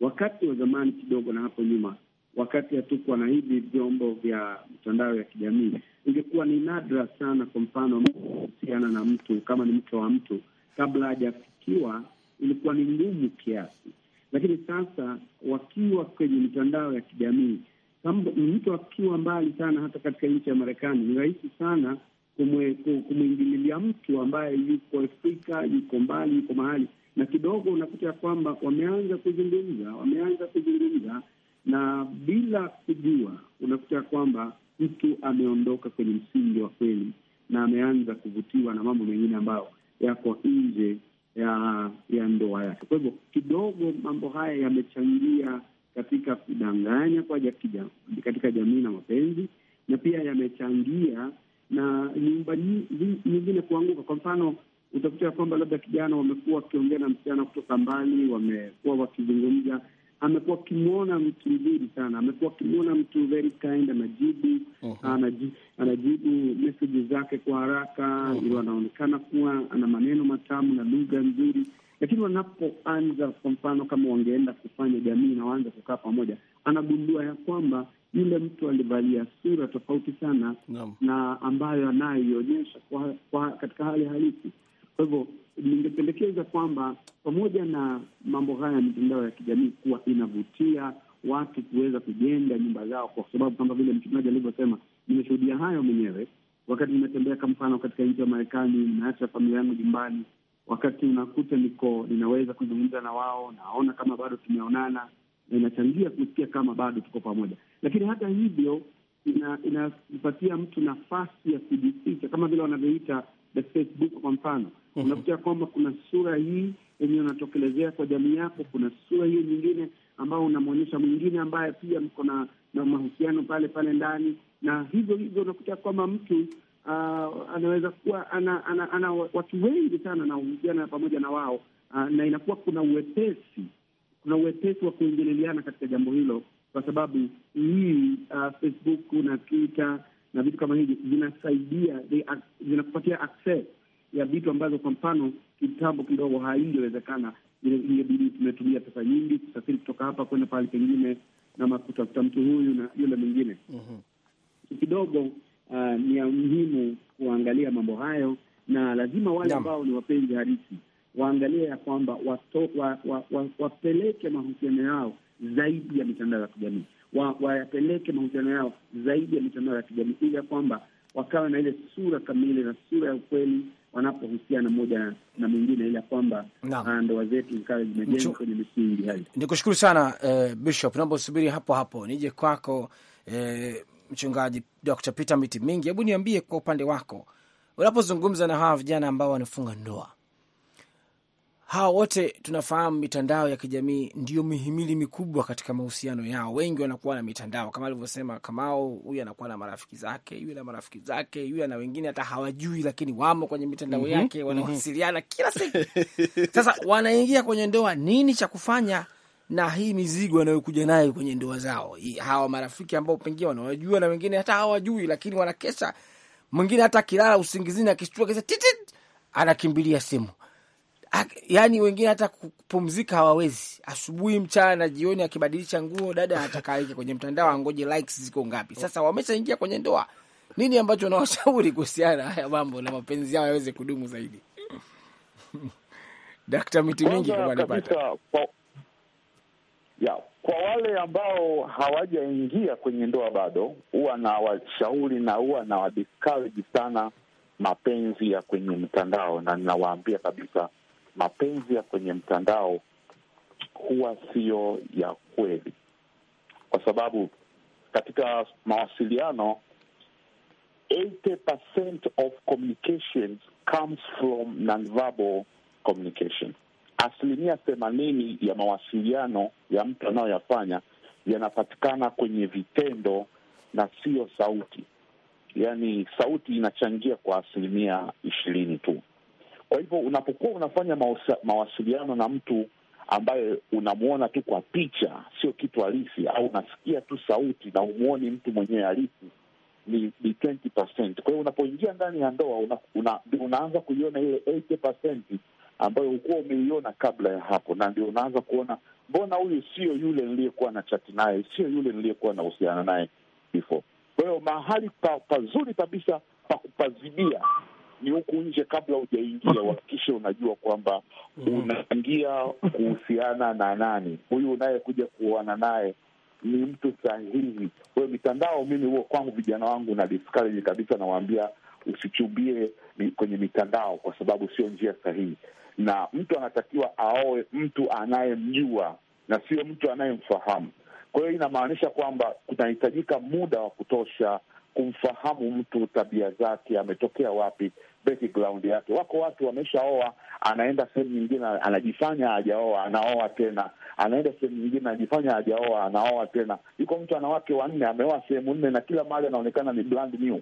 wakati wa zamani kidogo na hapo nyuma, wakati hatukuwa na hivi vyombo vya mitandao ya kijamii ingekuwa ni nadra sana, kwa mfano kuhusiana na mtu kama ni mke wa mtu, kabla hajafikiwa ilikuwa ni ngumu kiasi, lakini sasa wakiwa kwenye mitandao ya kijamii, mtu akiwa mbali sana, hata katika nchi ya Marekani, ni rahisi sana kumwingililia mtu ambaye yuko Afrika, yuko mbali, yuko mahali na kidogo unakuta ya kwamba wameanza kuzungumza, wameanza kuzungumza na bila kujua, unakuta ya kwamba mtu ameondoka kwenye msingi wa kweli na ameanza kuvutiwa na mambo mengine ambayo yako nje ya ya ndoa yake. Kwa hivyo kidogo mambo haya yamechangia katika kudanganya kwa katika jamii na mapenzi, na pia yamechangia na nyumba nyingine kuanguka. Kwa mfano, utakuta ya kwamba labda kijana wamekuwa wakiongea na msichana kutoka mbali, wamekuwa wakizungumza amekuwa akimwona mtu mzuri sana, amekuwa akimwona mtu very kind, anajibu anajibu, anajibu meseji zake kwa haraka, ndio anaonekana kuwa ana maneno matamu na lugha nzuri, lakini wanapoanza kwa mfano, kama wangeenda kufanya jamii na waanza kukaa pamoja, anagundua ya kwamba yule mtu alivalia sura tofauti sana no. na ambayo anayoionyesha katika hali halisi. Kwa hivyo ningependekeza kwamba pamoja na mambo haya ya mitandao ya kijamii kuwa inavutia watu kuweza kujenga nyumba zao, kwa sababu kama vile mchungaji alivyosema, nimeshuhudia hayo mwenyewe wakati nimetembea kwa mfano katika nchi ya Marekani, nimeacha familia yangu nyumbani, wakati unakuta niko ninaweza kuzungumza na wao, naona kama bado tumeonana, na inachangia kusikia kama bado tuko pamoja. Lakini hata hivyo inampatia ina, mtu nafasi ya kujificha kama vile wanavyoita the Facebook kwa mfano Mhm. unakuta kwamba kuna sura hii yenye unatokelezea kwa jamii yako, kuna sura hiyo nyingine ambayo unamwonyesha mwingine ambaye pia mko na mahusiano pale pale ndani, na hivyo hivyo unakuta kwamba mtu uh, anaweza kuwa ana, ana, ana watu wengi sana anahusiana pamoja na wao uh, na inakuwa kuna uwepesi, kuna uwepesi wa kuingililiana katika jambo hilo, kwa sababu hii uh, Facebook na Twitter na vitu kama hivi zinasaidia, zinakupatia access ya vitu ambazo kwa mfano kitambo kidogo haingewezekana. Ingebidi tumetumia pesa nyingi kusafiri kutoka hapa kwenda pahali pengine, na kutafuta mtu huyu na yule mwingine uh-huh. Kidogo uh, ni ya muhimu kuangalia mambo hayo, na lazima wale ambao ni wapenzi harisi waangalie ya kwamba wapeleke wa, wa, wa, wa mahusiano yao zaidi ya mitandao ya kijamii wayapeleke wa mahusiano yao zaidi ya mitandao ya kijamii ili ya kwamba wakawa na ile sura kamili na sura ya ukweli wanapohusiana moja na mwingine, ila kwamba ah, ndoa zetu zikawa zimejengwa kwenye misingi ni Nikushukuru sana eh, Bishop, naomba usubiri hapo hapo nije kwako eh, Mchungaji Dr. Peter Miti Mingi, hebu niambie kwa upande wako unapozungumza na hawa vijana ambao wanafunga ndoa hawa wote tunafahamu, mitandao ya kijamii ndio mihimili mikubwa katika mahusiano yao. Wengi wanakuwa na mitandao kama alivyosema Kamao, huyu anakuwa na marafiki zake, huyu na marafiki zake, huyu na wengine hata hawajui, lakini wamo kwenye mitandao mm -hmm. yake mhm. wanawasiliana mm -hmm. kila siku sasa wanaingia kwenye ndoa, nini cha kufanya na hii mizigo wanayokuja nayo kwenye ndoa zao? Hawa marafiki ambao pengine wanawajua na wengine hata hawajui, lakini wanakesha. Mwingine hata akilala usingizini akishtua kesa, titit, anakimbilia simu yani wengine hata kupumzika hawawezi, asubuhi, mchana, jioni, akibadilisha nguo dada anataka aweke kwenye mtandao, angoje likes ziko ngapi. Sasa wameshaingia kwenye ndoa, nini ambacho unawashauri kuhusiana haya mambo na mapenzi yao yaweze kudumu zaidi? Dakta miti mingi kabisa kwa, ya, kwa wale ambao hawajaingia kwenye ndoa bado, huwa na washauri na huwa na wadiscourage sana mapenzi ya kwenye mtandao, na ninawaambia kabisa mapenzi ya kwenye mtandao huwa siyo ya kweli, kwa sababu katika mawasiliano 80% of communications comes from nonverbal communication. Asilimia themanini ya mawasiliano ya mtu anayoyafanya yanapatikana kwenye vitendo na siyo sauti. Yaani sauti inachangia kwa asilimia ishirini tu. Kwa hivyo unapokuwa unafanya mawasiliano na mtu ambaye unamwona tu kwa picha, sio kitu halisi, au unasikia tu sauti na umwoni mtu mwenyewe halisi ni, ni 20%. Kwa hiyo unapoingia ndani ya ndoa una, una, unaanza kuiona ile 80% ambayo hukuwa umeiona kabla ya hapo, na ndio unaanza kuona mbona huyu sio yule niliyekuwa na chati naye, sio yule niliyekuwa nahusiana naye before. Kwa hiyo mahali pa, pazuri kabisa pa kupazibia ni huku nje, kabla hujaingia uhakikishe unajua kwamba unaingia kuhusiana na nani, huyu unayekuja kuoana naye ni mtu sahihi. Kwa hiyo mitandao, mimi huo kwangu, vijana wangu na discourage kabisa, nawaambia usichumbie kwenye mitandao kwa sababu sio njia sahihi, na mtu anatakiwa aoe mtu anayemjua na sio mtu anayemfahamu. Kwa hiyo inamaanisha kwamba kunahitajika muda wa kutosha kumfahamu mtu, tabia zake, ametokea wapi, background yake. Wako watu wameshaoa, anaenda sehemu nyingine, anajifanya hajaoa, anaoa tena, anaenda sehemu nyingine, anajifanya hajaoa, anaoa tena. Yuko mtu ana wake wanne, ameoa sehemu nne, na kila mahali anaonekana ni brand new.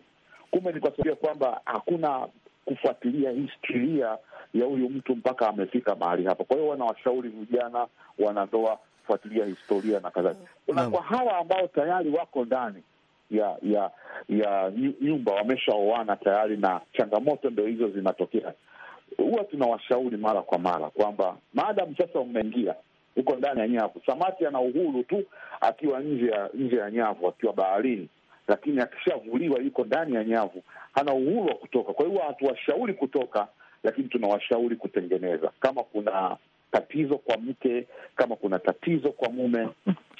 Kumbe ni kwa sababu kwamba hakuna kufuatilia historia ya huyu mtu mpaka amefika mahali hapa. Kwa hiyo wanawashauri vijana wanandoa, fuatilia historia na kadhalika. na kwa hawa ambao tayari wako ndani ya ya ya nyumba wameshaoana tayari, na changamoto ndo hizo zinatokea. Huwa tunawashauri mara kwa mara kwamba maadamu sasa umeingia uko ndani ya nyavu, samaki ana uhuru tu akiwa nje ya nje ya nyavu, akiwa baharini, lakini akishavuliwa yuko ndani ya nyavu, hana uhuru wa kutoka. Kwa hiyo hatuwashauri kutoka, lakini tunawashauri kutengeneza. Kama kuna tatizo kwa mke, kama kuna tatizo kwa mume,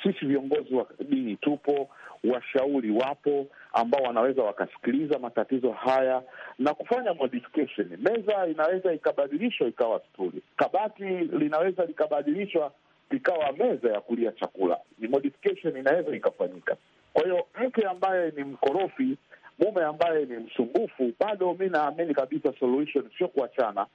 sisi viongozi wa dini tupo, washauri wapo ambao wanaweza wakasikiliza matatizo haya na kufanya modification. Meza inaweza ikabadilishwa ikawa stuli, kabati linaweza likabadilishwa likawa meza ya kulia chakula, ni modification inaweza ikafanyika. Kwa hiyo mke ambaye ni mkorofi, mume ambaye ni msumbufu, bado mi naamini kabisa solution sio kuachana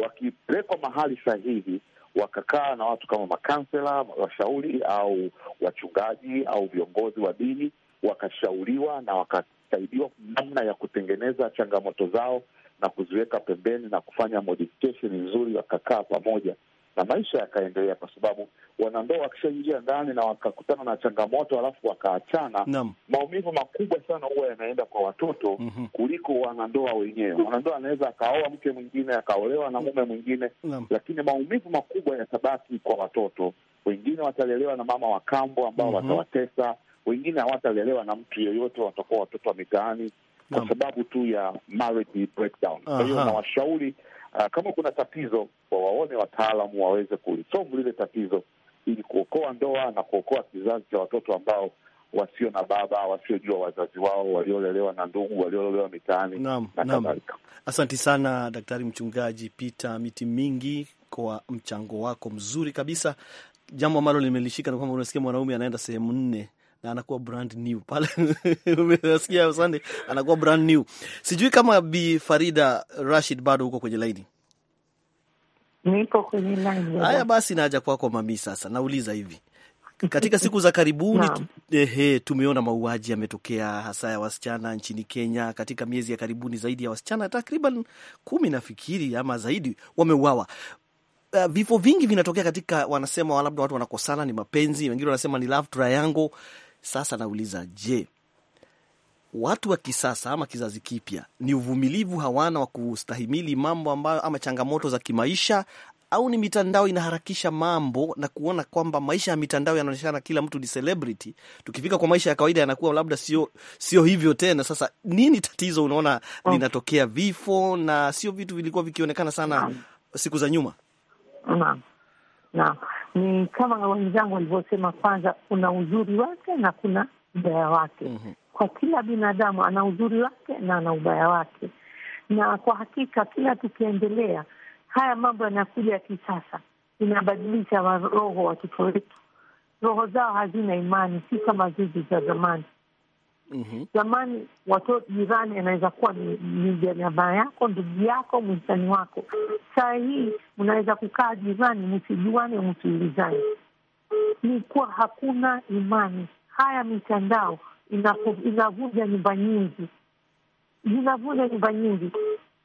wakipelekwa mahali sahihi, wakakaa na watu kama makansela, washauri au wachungaji au viongozi wa dini, wakashauriwa na wakasaidiwa namna ya kutengeneza changamoto zao na kuziweka pembeni na kufanya modification nzuri, wakakaa pamoja na maisha yakaendelea, kwa sababu wanandoa wakishaingia ndani na wakakutana na changamoto alafu wakaachana, maumivu makubwa sana huwa yanaenda kwa watoto mm -hmm. kuliko wanandoa wenyewe. Wanandoa anaweza akaoa mke mwingine akaolewa na mume mwingine, lakini maumivu makubwa yatabaki kwa watoto. Wengine watalelewa na mama wa kambo ambao mm -hmm. watawatesa, wengine hawatalelewa na mtu yeyote, watakuwa watoto wa mitaani kwa sababu tu ya marriage breakdown. Kwa hiyo nawashauri Uh, kama kuna tatizo waone wataalamu waweze kulisomu lile tatizo ili kuokoa ndoa na kuokoa kizazi cha watoto ambao wasio na baba, wasiojua wazazi wao, waliolelewa na ndugu, waliolelewa mitaani na kadhalika. Asanti sana Daktari Mchungaji Peter Miti Mingi kwa mchango wako mzuri kabisa. Jambo ambalo limelishika ni kwamba unasikia mwanaume anaenda sehemu nne na anakuwa brand new pale umesikia Asante, anakuwa brand new. Sijui kama Bi Farida Rashid bado huko kwenye laini. Niko kwenye laini. Haya basi, naja kwako mami. Sasa nauliza hivi katika siku za karibuni ehe, tumeona mauaji yametokea hasa ya wasichana nchini Kenya. Katika miezi ya karibuni, zaidi ya wasichana takriban kumi nafikiri ama zaidi wameuawa. Uh, vifo vingi vinatokea katika, wanasema labda watu wanakosana ni mapenzi, wengine wanasema ni love triangle. Sasa nauliza, je, watu wa kisasa ama kizazi kipya ni uvumilivu, hawana wa kustahimili mambo ambayo ama changamoto za kimaisha, au ni mitandao inaharakisha mambo na kuona kwamba maisha ya mitandao yanaonyeshana kila mtu ni celebrity, tukifika kwa maisha ya kawaida yanakuwa labda sio sio hivyo tena. Sasa nini tatizo unaona linatokea? Vifo na sio vitu vilikuwa vikionekana sana siku za nyuma na ni kama wenzangu walivyosema, kwanza kuna uzuri wake na kuna ubaya wake. mm -hmm. Kwa kila binadamu ana uzuri wake na ana ubaya wake, na kwa hakika kila tukiendelea, haya mambo yanakuja ya kisasa, inabadilisha roho watoto wetu, roho zao hazina imani, si kama zizi za zamani. Mm-hmm. zamani mm -hmm. Watoto jirani anaweza kuwa ni, ni jamaa yako, ndugu yako, mhisani wako. Saa hii mnaweza kukaa jirani, msijuane, msiulizane. Ni kuwa hakuna imani. Haya mitandao inavunja nyumba nyingi, inavunja nyumba nyingi.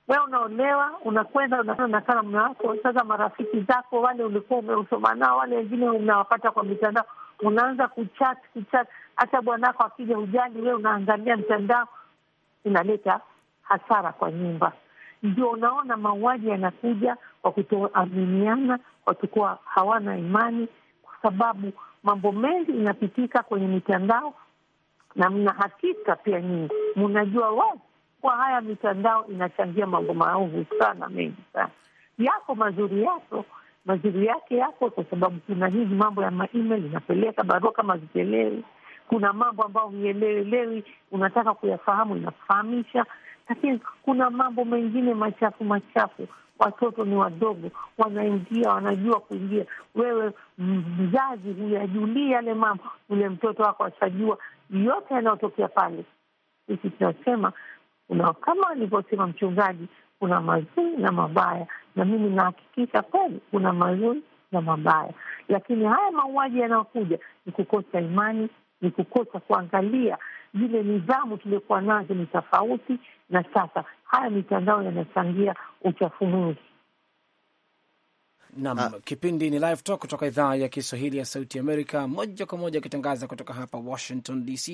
We unaolewa unakwenda unakaa na wako. Sasa marafiki zako wale ulikuwa umesoma nao, wale wengine unawapata kwa mitandao unaanza kuchat kuchat, hata bwanako akija hujali, wee unaangalia mtandao, inaleta hasara kwa nyumba. Ndio unaona mauaji yanakuja kwa kutoaminiana, watukuwa hawana imani, kwa sababu mambo mengi inapitika kwenye mitandao na mna hakika pia nyingi mnajua wa kwa haya mitandao inachangia mambo maovu sana mengi sana, yako mazuri yako maziri yake yako, kwa sababu kuna hizi mambo ya maemail inapeleka barua kama zipelewi, Kuna mambo ambayo huielewelewi, unataka kuyafahamu, inakufahamisha. Lakini kuna mambo mengine machafu machafu Watoto ni wadogo, wanaingia, wanajua kuingia. Wewe mzazi huyajulii yale mambo, yule mtoto wako ashajua yote yanayotokea pale. Sisi tunasema kama alivyosema mchungaji, kuna mazuri na mabaya, na mimi nahakikisha kweli kuna mazuri na mabaya, lakini haya mauaji yanayokuja ni kukosa imani, ni kukosa kuangalia zile nidhamu tuliokuwa nazo ni tofauti na sasa. Haya mitandao yanachangia uchafu mwingi. Nam, ah. kipindi ni Live Talk kutoka idhaa ya Kiswahili ya Sauti Amerika, moja kwa moja akitangaza kutoka hapa Washington DC.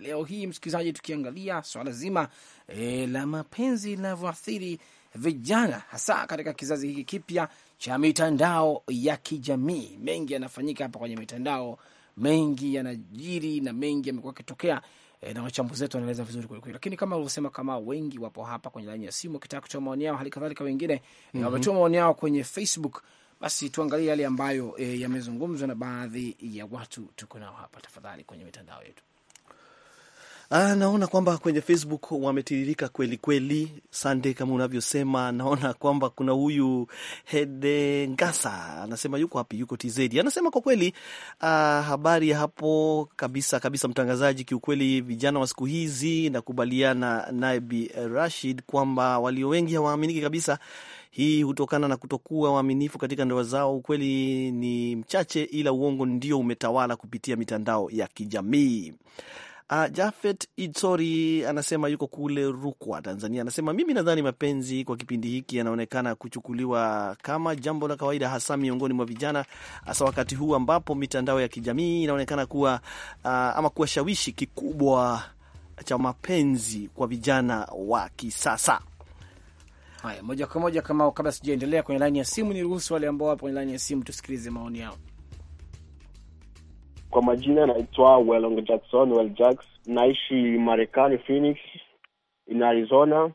Leo hii, msikilizaji, tukiangalia swala zima e, la mapenzi linavyoathiri vijana, hasa katika kizazi hiki kipya cha mitandao ya kijamii. Mengi yanafanyika hapa kwenye mitandao, mengi yanajiri na mengi yamekuwa akitokea eh, na wachambuzi wetu wanaeleza vizuri kwelikweli, lakini kama ulivyosema, kama wengi wapo hapa kwenye laini ya simu wakitaka kutoa maoni yao, hali kadhalika wengine mm -hmm. wametoa maoni yao kwenye Facebook basi tuangalie yale ambayo e, yamezungumzwa na baadhi ya watu tuko nao hapa, tafadhali, kwenye mitandao yetu. Ah, naona kwamba kwenye Facebook wametiririka kweli kweli. Sande, kama unavyosema, naona kwamba kuna huyu Hede Ngasa anasema yuko hapi, yuko TZ. Anasema kwa kweli ah, habari ya hapo kabisa kabisa, mtangazaji. Kiukweli vijana wa siku hizi, nakubaliana naye Bi Rashid kwamba walio wengi hawaaminiki kabisa hii hutokana na kutokuwa waaminifu katika ndoa zao. Ukweli ni mchache, ila uongo ndio umetawala kupitia mitandao ya kijamii. Uh, Jafet Idsori anasema yuko kule Rukwa, Tanzania. Anasema mimi nadhani mapenzi kwa kipindi hiki yanaonekana kuchukuliwa kama jambo la kawaida, hasa miongoni mwa vijana, hasa wakati huu ambapo mitandao ya kijamii inaonekana kuwa uh, ama kuwashawishi kikubwa cha mapenzi kwa vijana wa kisasa. Haya, moja kwa moja kama kabla sijaendelea kwenye laini ya simu, ni ruhusu wale ambao wapo kwenye laini ya simu tusikilize maoni yao. Kwa majina naitwa Welong Jackson Well Jacks, naishi Marekani, Phoenix in Arizona.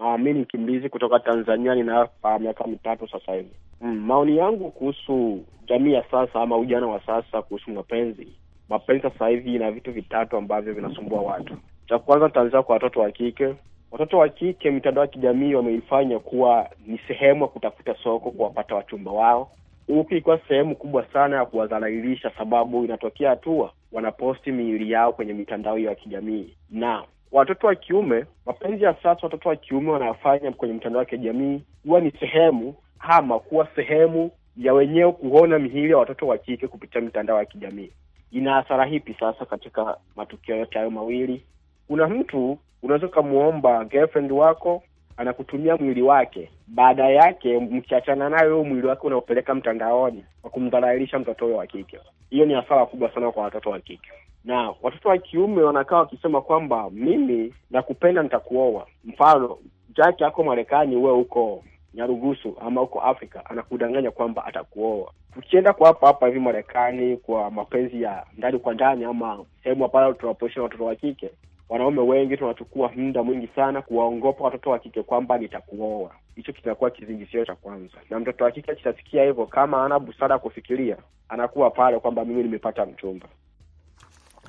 Uh, mi ni mkimbizi kutoka Tanzania, nina ah, miaka mitatu sasa hivi. Mm, maoni yangu kuhusu jamii ya sasa ama ujana wa sasa kuhusu mapenzi, mapenzi sasa hivi ina vitu vitatu ambavyo vinasumbua watu. Cha kwanza, nitaanzia kwa watoto wa kike. Watoto wa kike, mitandao ya kijamii wameifanya kuwa ni sehemu ya kutafuta soko kuwapata wachumba wao, huku ikiwa sehemu kubwa sana ya kuwadhalalilisha, sababu inatokea hatua wanaposti miili yao kwenye mitandao hiyo ya kijamii. Na watoto wa kiume, mapenzi ya sasa watoto wa kiume wanayofanya kwenye mtandao ya kijamii huwa ni sehemu ama kuwa sehemu ya wenyewe kuona mihili ya watoto wa kike kupitia mitandao ya kijamii. Ina hasara hipi sasa katika matukio yote hayo mawili? kuna mtu unaweza ukamwomba girlfriend wako anakutumia mwili wake, baada yake mkiachana naye, huyo mwili wake unaupeleka mtandaoni kwa kumdhalilisha mtoto huyo wa kike. Hiyo ni hasara kubwa sana kwa watoto wa kike, na watoto wa kiume wanakaa wakisema kwamba mimi nakupenda, nitakuoa. Mfano, Jaki ako Marekani, wewe huko Nyarugusu ama huko Afrika, anakudanganya kwamba atakuoa. ukienda kwa hapa hapa hivi Marekani, kwa mapenzi ya ndani kwa ndani ama sehemu ambayo tunapoisha watoto wa kike, wanaume wengi tunachukua muda mwingi sana kuwaongopa watoto wa kike kwamba nitakuoa. Hicho kitakuwa kizingisio cha kwanza, na mtoto wa kike akishasikia hivyo, kama ana busara kufikiria, anakuwa pale kwamba mimi nimepata mchumba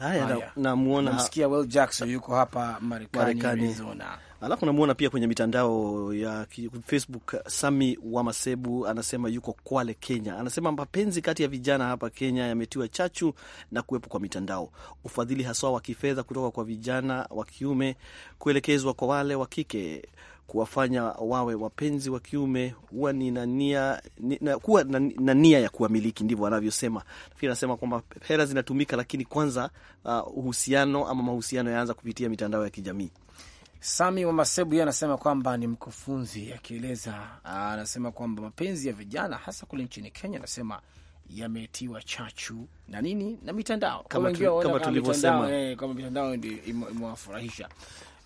haya, namuona namsikia Will Jackson yuko hapa Marekani, Arizona. Alafu namuona pia kwenye mitandao ya Facebook, Sami wa Masebu anasema yuko Kwale, Kenya. Anasema mapenzi kati ya vijana hapa Kenya yametiwa chachu na kuwepo kwa mitandao, ufadhili haswa wa kifedha kutoka kwa vijana wa kiume kuelekezwa kwa wale wa kike kuwafanya wawe wapenzi wa kiume huwa ni nania, ni, na, kuwa na na nia ya kuwamiliki, ndivyo wanavyosema. Nafikiri anasema kwamba hela zinatumika, lakini kwanza uh, uhusiano ama mahusiano yaanza kupitia mitandao ya kijamii. Sami wa Masebu yeye anasema kwamba ni mkufunzi, akieleza uh, anasema kwamba mapenzi ya vijana hasa kule nchini Kenya, anasema yametiwa chachu na nini na mitandao, kama tulivyosema, eh, kama mitandao ndio imewafurahisha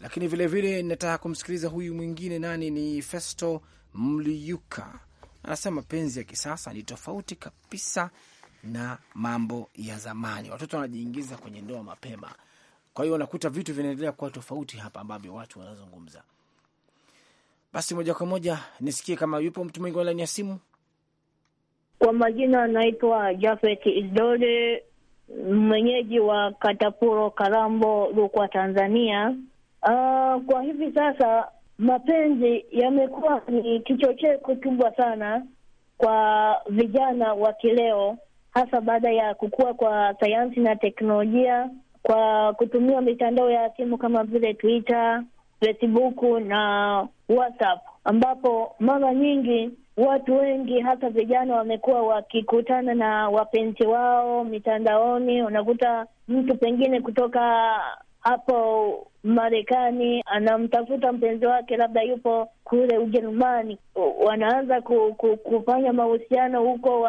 lakini vilevile nataka kumsikiliza huyu mwingine. Nani? Ni Festo Mliyuka, anasema mapenzi ya kisasa ni tofauti kabisa na mambo ya zamani. Watoto wanajiingiza kwenye ndoa mapema, kwa hiyo wanakuta vitu vinaendelea kuwa tofauti hapa ambavyo watu wanazungumza. Basi moja kwa moja nisikie kama yupo mtu mwingi ndani ya simu. Kwa majina anaitwa Jafet Isdode, mwenyeji wa Katapuro, Karambo, Rukwa, Tanzania. Uh, kwa hivi sasa mapenzi yamekuwa ni kichocheo kikubwa sana kwa vijana wa kileo, hasa baada ya kukua kwa sayansi na teknolojia, kwa kutumia mitandao ya simu kama vile Twitter, Facebook na WhatsApp, ambapo mara nyingi watu wengi hasa vijana wamekuwa wakikutana na wapenzi wao mitandaoni. Unakuta mtu pengine kutoka hapo Marekani anamtafuta mpenzi wake, labda yupo kule Ujerumani, wanaanza ku, ku, kufanya mahusiano huko.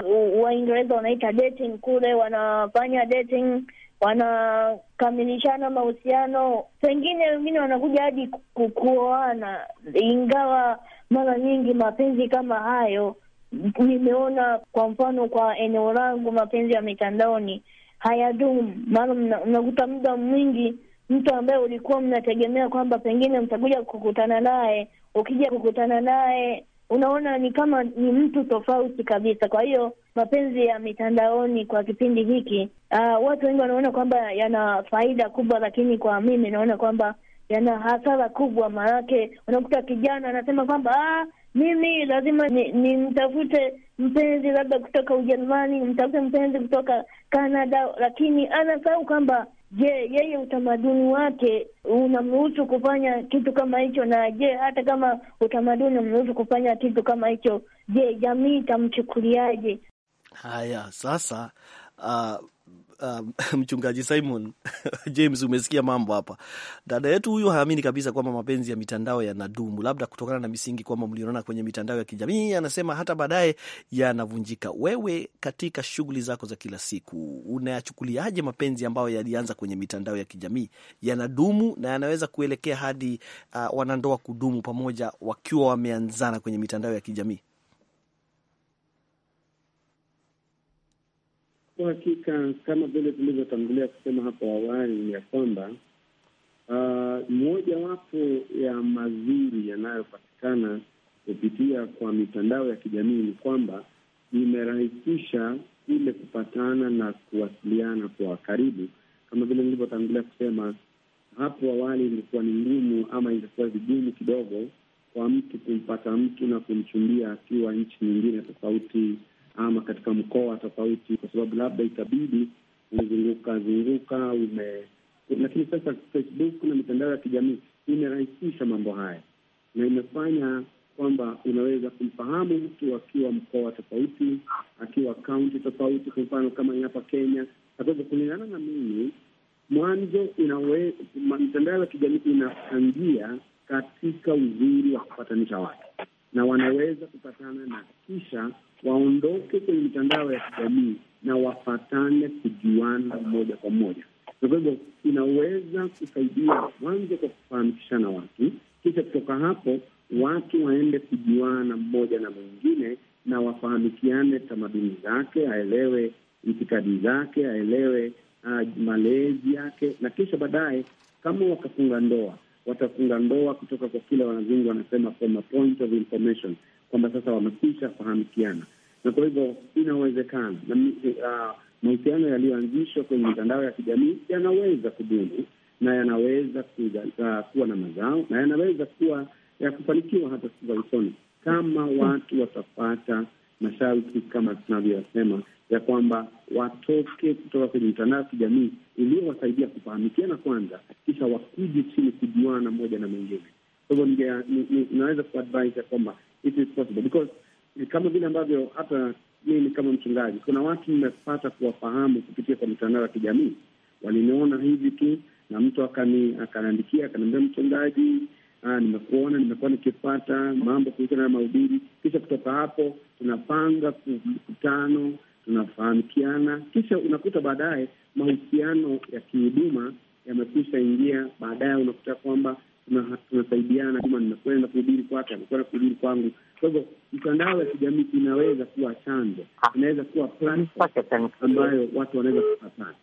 Waingereza wanaita dating, kule wanafanya dating, wanakamilishana mahusiano, pengine wengine wanakuja hadi kuoana, ingawa mara nyingi mapenzi kama hayo nimeona kwa mfano kwa eneo langu, mapenzi ya mitandaoni hayadumu, maana unakuta muda mwingi mtu ambaye ulikuwa mnategemea kwamba pengine mtakuja kukutana naye, ukija kukutana naye unaona ni kama ni mtu tofauti kabisa. Kwa hiyo mapenzi ya mitandaoni kwa kipindi hiki, uh, watu wengi wanaona kwamba yana faida kubwa, lakini kwa mimi naona kwamba yana hasara kubwa. Maanake unakuta kijana anasema kwamba ah, mimi lazima nimtafute ni mpenzi labda kutoka Ujerumani, nimtafute mpenzi kutoka Canada, lakini anasahau kwamba Je, yeye utamaduni wake unamruhusu kufanya kitu kama hicho? Na je, hata kama utamaduni unamruhusu kufanya kitu kama hicho, je, jamii itamchukuliaje? Haya, sasa uh, uh, mchungaji Simon James, umesikia mambo hapa. Dada yetu huyu haamini kabisa kwamba mapenzi ya mitandao yanadumu, labda kutokana na misingi kwamba mlionana kwenye mitandao ya kijamii, anasema hata baadaye yanavunjika. Wewe katika shughuli zako za kila siku unayachukuliaje mapenzi ambayo yalianza kwenye mitandao ya kijamii? Yanadumu na yanaweza kuelekea hadi uh, wanandoa kudumu pamoja wakiwa wameanzana kwenye mitandao ya kijamii? Kwa hakika kama vile tulivyotangulia kusema hapo awali ya kwamba uh, mojawapo ya mazuri yanayopatikana kupitia kwa mitandao ya kijamii ni kwamba imerahisisha ile kupatana na kuwasiliana kwa karibu. Kama vile nilivyotangulia kusema hapo awali, ilikuwa ni ngumu ama ingekuwa vigumu kidogo kwa mtu kumpata mtu na kumchumbia akiwa nchi nyingine tofauti ama katika mkoa tofauti, kwa sababu labda itabidi umezunguka zunguka ume. Lakini sasa Facebook na mitandao ya kijamii imerahisisha mambo haya na imefanya kwamba unaweza kumfahamu mtu akiwa mkoa tofauti, akiwa kaunti tofauti. Kwa mfano kama ni hapa Kenya, ataweza kulingana na mimi mwanzo. Mitandao ya kijamii inachangia katika uzuri wa kupatanisha watu na wanaweza kupatana na kisha waondoke kwenye mitandao ya kijamii na wafatane kujuana moja kwa moja, kwa hivyo inaweza kusaidia kwanza kwa kufahamishana watu, kisha kutoka hapo watu waende kujuana mmoja na mwingine na wafahamikiane tamaduni zake, aelewe itikadi zake, aelewe ah, malezi yake, na kisha baadaye kama wakafunga ndoa watafunga ndoa kutoka kwa kile wanazungu wanasema from a point of information, kwamba sasa wamekwisha fahamikiana, na kwa hivyo inawezekana na uh, mahusiano yaliyoanzishwa kwenye mitandao ya kijamii yanaweza kudumu na yanaweza kuja, uh, kuwa na mazao na yanaweza kuwa ya kufanikiwa hata siku za usoni, kama watu watapata masharti kama tunavyoyasema ya kwamba watoke kutoka kwenye mitandao ya kijamii iliyowasaidia kufahamikiana kwanza, kisha wakuje chini kujuana moja na mengine. Kwa hivyo inaweza kuadvise ya kwamba it is possible because eh, kama vile ambavyo hata mimi kama mchungaji, kuna watu nimepata kuwafahamu kupitia kwa mitandao ya kijamii, waliniona hivi tu, na mtu akaniandikia akaniambia, mchungaji, ah, nimekuona, nimekuwa nikipata mambo kuhusiana na mahubiri. Kisha kutoka hapo tunapanga mkutano, tunafahamikiana, kisha unakuta baadaye mahusiano ya kihuduma yamekwisha ingia. Baadaye unakuta kwamba tunasaidiana, kama nimekwenda kuhubiri kwake, amekwenda kuhubiri kwangu. Kwa hivyo mtandao ya kijamii inaweza kuwa chanzo, inaweza kuwa ambayo watu wanaweza kupatana.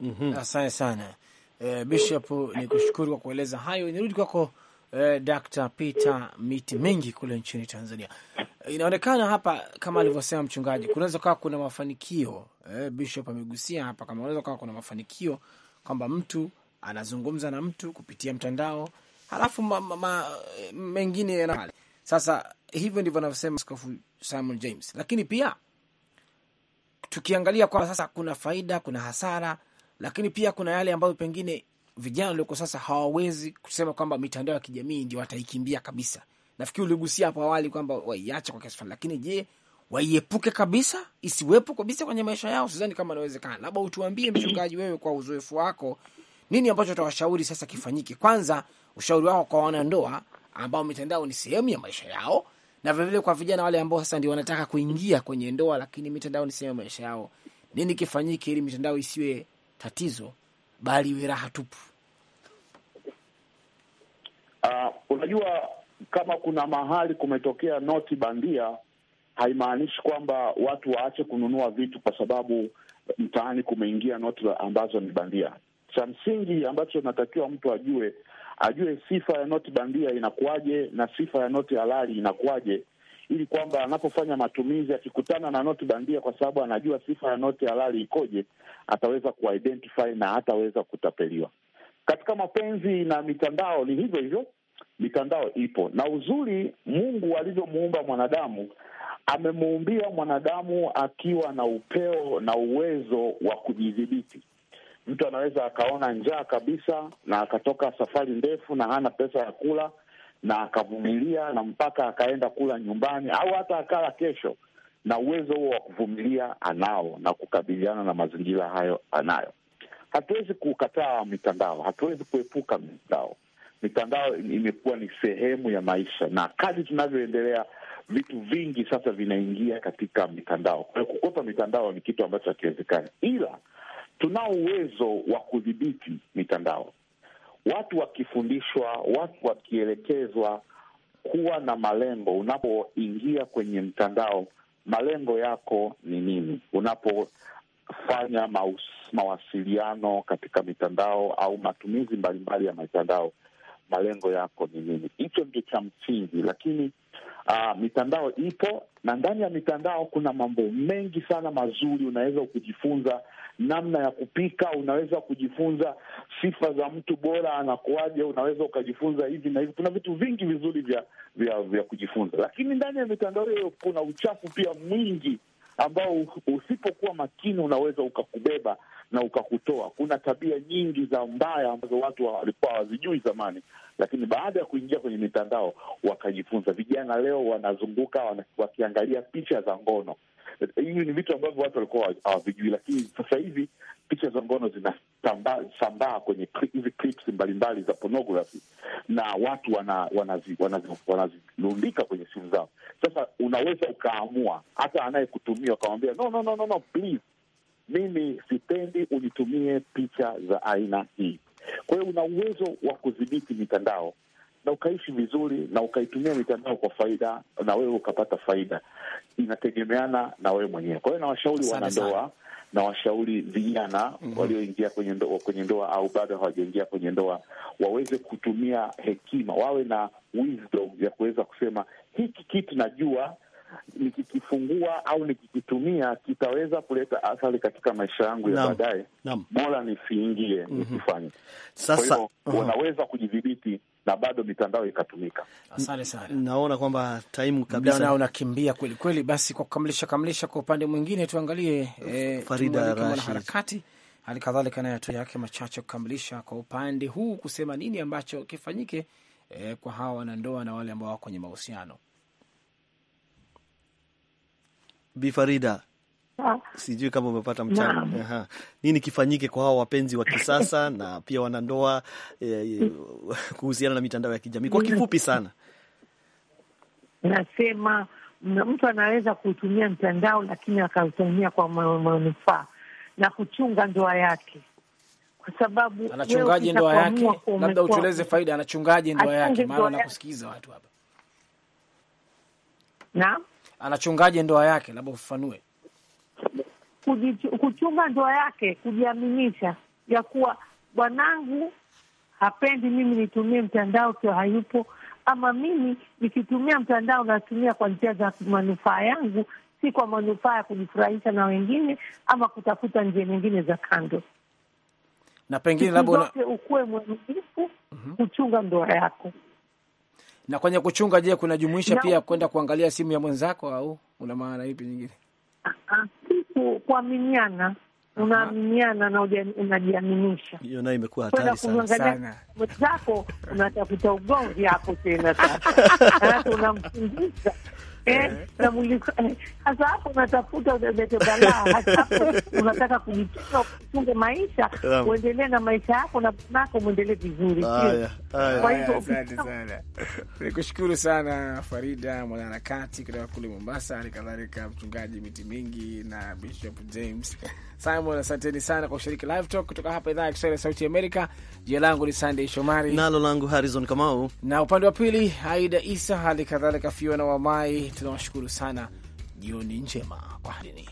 mm -hmm. Asante sana eh, Bishop, ni kushukuru kwa kueleza hayo. Nirudi kwako eh, Dr. Peter miti mengi kule nchini Tanzania inaonekana hapa kama alivyosema mchungaji, kunaweza kawa kuna mafanikio eh, Bishop amegusia hapa, kama unaweza kawa kuna mafanikio kwamba mtu anazungumza na mtu kupitia mtandao halafu ma, ma, ma, mengine yana sasa. Hivyo ndivyo anavyosema Askofu Simon James, lakini pia tukiangalia kwa sasa, kuna faida, kuna hasara, lakini pia kuna yale ambayo pengine vijana walioko sasa hawawezi kusema kwamba mitandao ya kijamii ndio wataikimbia kabisa. Nafikiri uligusia hapo awali kwamba waiache kwa kiasi fulani, lakini je, waiepuke kabisa, isiwepo kabisa kwenye maisha yao? Sidhani kama inawezekana. Labda utuambie, mchungaji, wewe kwa uzoefu wako, nini ambacho utawashauri sasa kifanyike? Kwanza ushauri wao kwa wanandoa ambao mitandao ni sehemu ya maisha yao, na vilevile kwa vijana wale ambao sasa ndio wanataka kuingia kwenye ndoa, lakini mitandao ni sehemu ya maisha yao. Nini kifanyike ili mitandao isiwe tatizo, bali iwe raha tupu? Uh, unajua kama kuna mahali kumetokea noti bandia, haimaanishi kwamba watu waache kununua vitu kwa sababu mtaani kumeingia noti ambazo ni bandia. Cha msingi ambacho natakiwa mtu ajue ajue sifa ya noti bandia inakuwaje na sifa ya noti halali inakuwaje, ili kwamba anapofanya matumizi akikutana na noti bandia, kwa sababu anajua sifa ya noti halali ikoje, ataweza kuidentify na hataweza kutapeliwa. Katika mapenzi na mitandao ni hivyo hivyo, mitandao ipo na uzuri. Mungu alivyomuumba mwanadamu amemuumbia mwanadamu akiwa na upeo na uwezo wa kujidhibiti. Mtu anaweza akaona njaa kabisa na akatoka safari ndefu na hana pesa ya kula na akavumilia na mpaka akaenda kula nyumbani au hata akala kesho, na uwezo huo wa kuvumilia anao na kukabiliana na mazingira hayo anayo. Hatuwezi kukataa mitandao, hatuwezi kuepuka mitandao. Mitandao imekuwa ni sehemu ya maisha, na kadri tunavyoendelea vitu vingi sasa vinaingia katika mitandao. Kwa hiyo kukwepa mitandao ni kitu ambacho hakiwezekani, ila tunao uwezo wa kudhibiti mitandao. Watu wakifundishwa, watu wakielekezwa kuwa na malengo. Unapoingia kwenye mtandao, malengo yako ni nini? Unapofanya mawasiliano katika mitandao au matumizi mbalimbali ya mitandao, malengo yako ni nini? Hicho ndio cha msingi, lakini Uh, mitandao ipo na ndani ya mitandao kuna mambo mengi sana mazuri. Unaweza kujifunza namna ya kupika, unaweza kujifunza sifa za mtu bora anakuaje, unaweza ukajifunza hivi na hivi. Kuna vitu vingi vizuri vya vya vya kujifunza, lakini ndani ya mitandao hiyo kuna uchafu pia mwingi ambao usipokuwa makini unaweza ukakubeba na ukakutoa. Kuna tabia nyingi za mbaya ambazo watu walikuwa hawazijui zamani, lakini baada ya kuingia kwenye mitandao wakajifunza. Vijana leo wanazunguka wakiangalia picha za ngono. Hivi ni vitu ambavyo watu walikuwa hawavijui, lakini sasa hivi picha za ngono zinasambaa kwenye hizi clips mbalimbali za pornography na watu wanazirundika wana, wana, wana kwenye simu zao. Sasa unaweza ukaamua, hata anayekutumia ukamwambia no, no, no, no, no, please mimi sipendi unitumie picha za aina hii. Kwa hiyo una uwezo wa kudhibiti mitandao na ukaishi vizuri na ukaitumia mitandao kwa faida na wewe ukapata faida, inategemeana na wewe mwenyewe. Kwa hiyo nawashauri wanandoa na washauri vijana mm -hmm. walioingia kwenye ndoa, kwenye ndoa au bado hawajaingia kwenye ndoa waweze kutumia hekima, wawe na wisdom ya kuweza kusema hiki kitu najua nikikifungua au nikikitumia kitaweza kuleta athari katika maisha yangu ya baadaye, bora nisiingie mhm. nikifanye. Sasa uh-huh. wanaweza kujidhibiti na bado mitandao ikatumika. Asante sana, naona kwamba taimu kabisa na unakimbia kweli kweli. Basi kwa kukamilisha kamilisha, kwa upande mwingine tuangalie eh, Farida harakati hali kadhalika naye hatua yake machache kukamilisha kwa upande huu, kusema nini ambacho kifanyike eh, kwa hawa wanandoa na wale ambao wako kwenye mahusiano. bifarida ah. sijui kama umepata mchango. Aha. Nini kifanyike kwa hawa wapenzi wa kisasa na pia wanandoa eh, eh, kuhusiana na mitandao ya kijamii kwa kifupi sana? Nasema mtu anaweza kuutumia mtandao, lakini akautumia kwa manufaa na kuchunga ndoa yake kwa sababu anachungaje ndoa yake? Labda utueleze faida, anachungaje ndoa yake, maana nakusikiza watu hapa. Naam anachungaje ndoa yake? Labda ufafanue. Kuchunga ndoa yake, kujiaminisha ya kuwa bwanangu hapendi mimi nitumie mtandao ikiwa hayupo, ama mimi nikitumia mtandao natumia kwa njia za manufaa yangu, si kwa manufaa ya kujifurahisha na wengine ama kutafuta njia nyingine za kando. Na pengine labda ukuwe mwaminifu mhm. kuchunga ndoa yako. Na kwenye kuchunga, je, kunajumuisha no. pia kwenda kuangalia simu ya mwenzako au una maana ipi nyingine? Ah, kuaminiana, unaaminiana na unajiaminisha. Hiyo nayo imekuwa hatari sana Mwenzako unatafuta ugomvi hapo tena sasa, unamfundisha Eh, eh, sasa hapo unatafuta ulete balaa, unataka kujitunga, utunge maisha, uendelee na maisha yako na nako mwendelee vizuri. Kwa hivyo nikushukuru sana Farida, mwanaharakati kutoka kule Mombasa, hali kadhalika mchungaji miti mingi na Bishop James Simon, asanteni sana kwa ushiriki live talk kutoka hapa idhaa ya Kiswahili ya Sauti Amerika. Jina langu ni sandey Shomari, nalo langu Harrison Kamau, na upande wa pili Aida Isa, hali kadhalika Fiona Wamai. Tunawashukuru sana, jioni njema, kwaherini.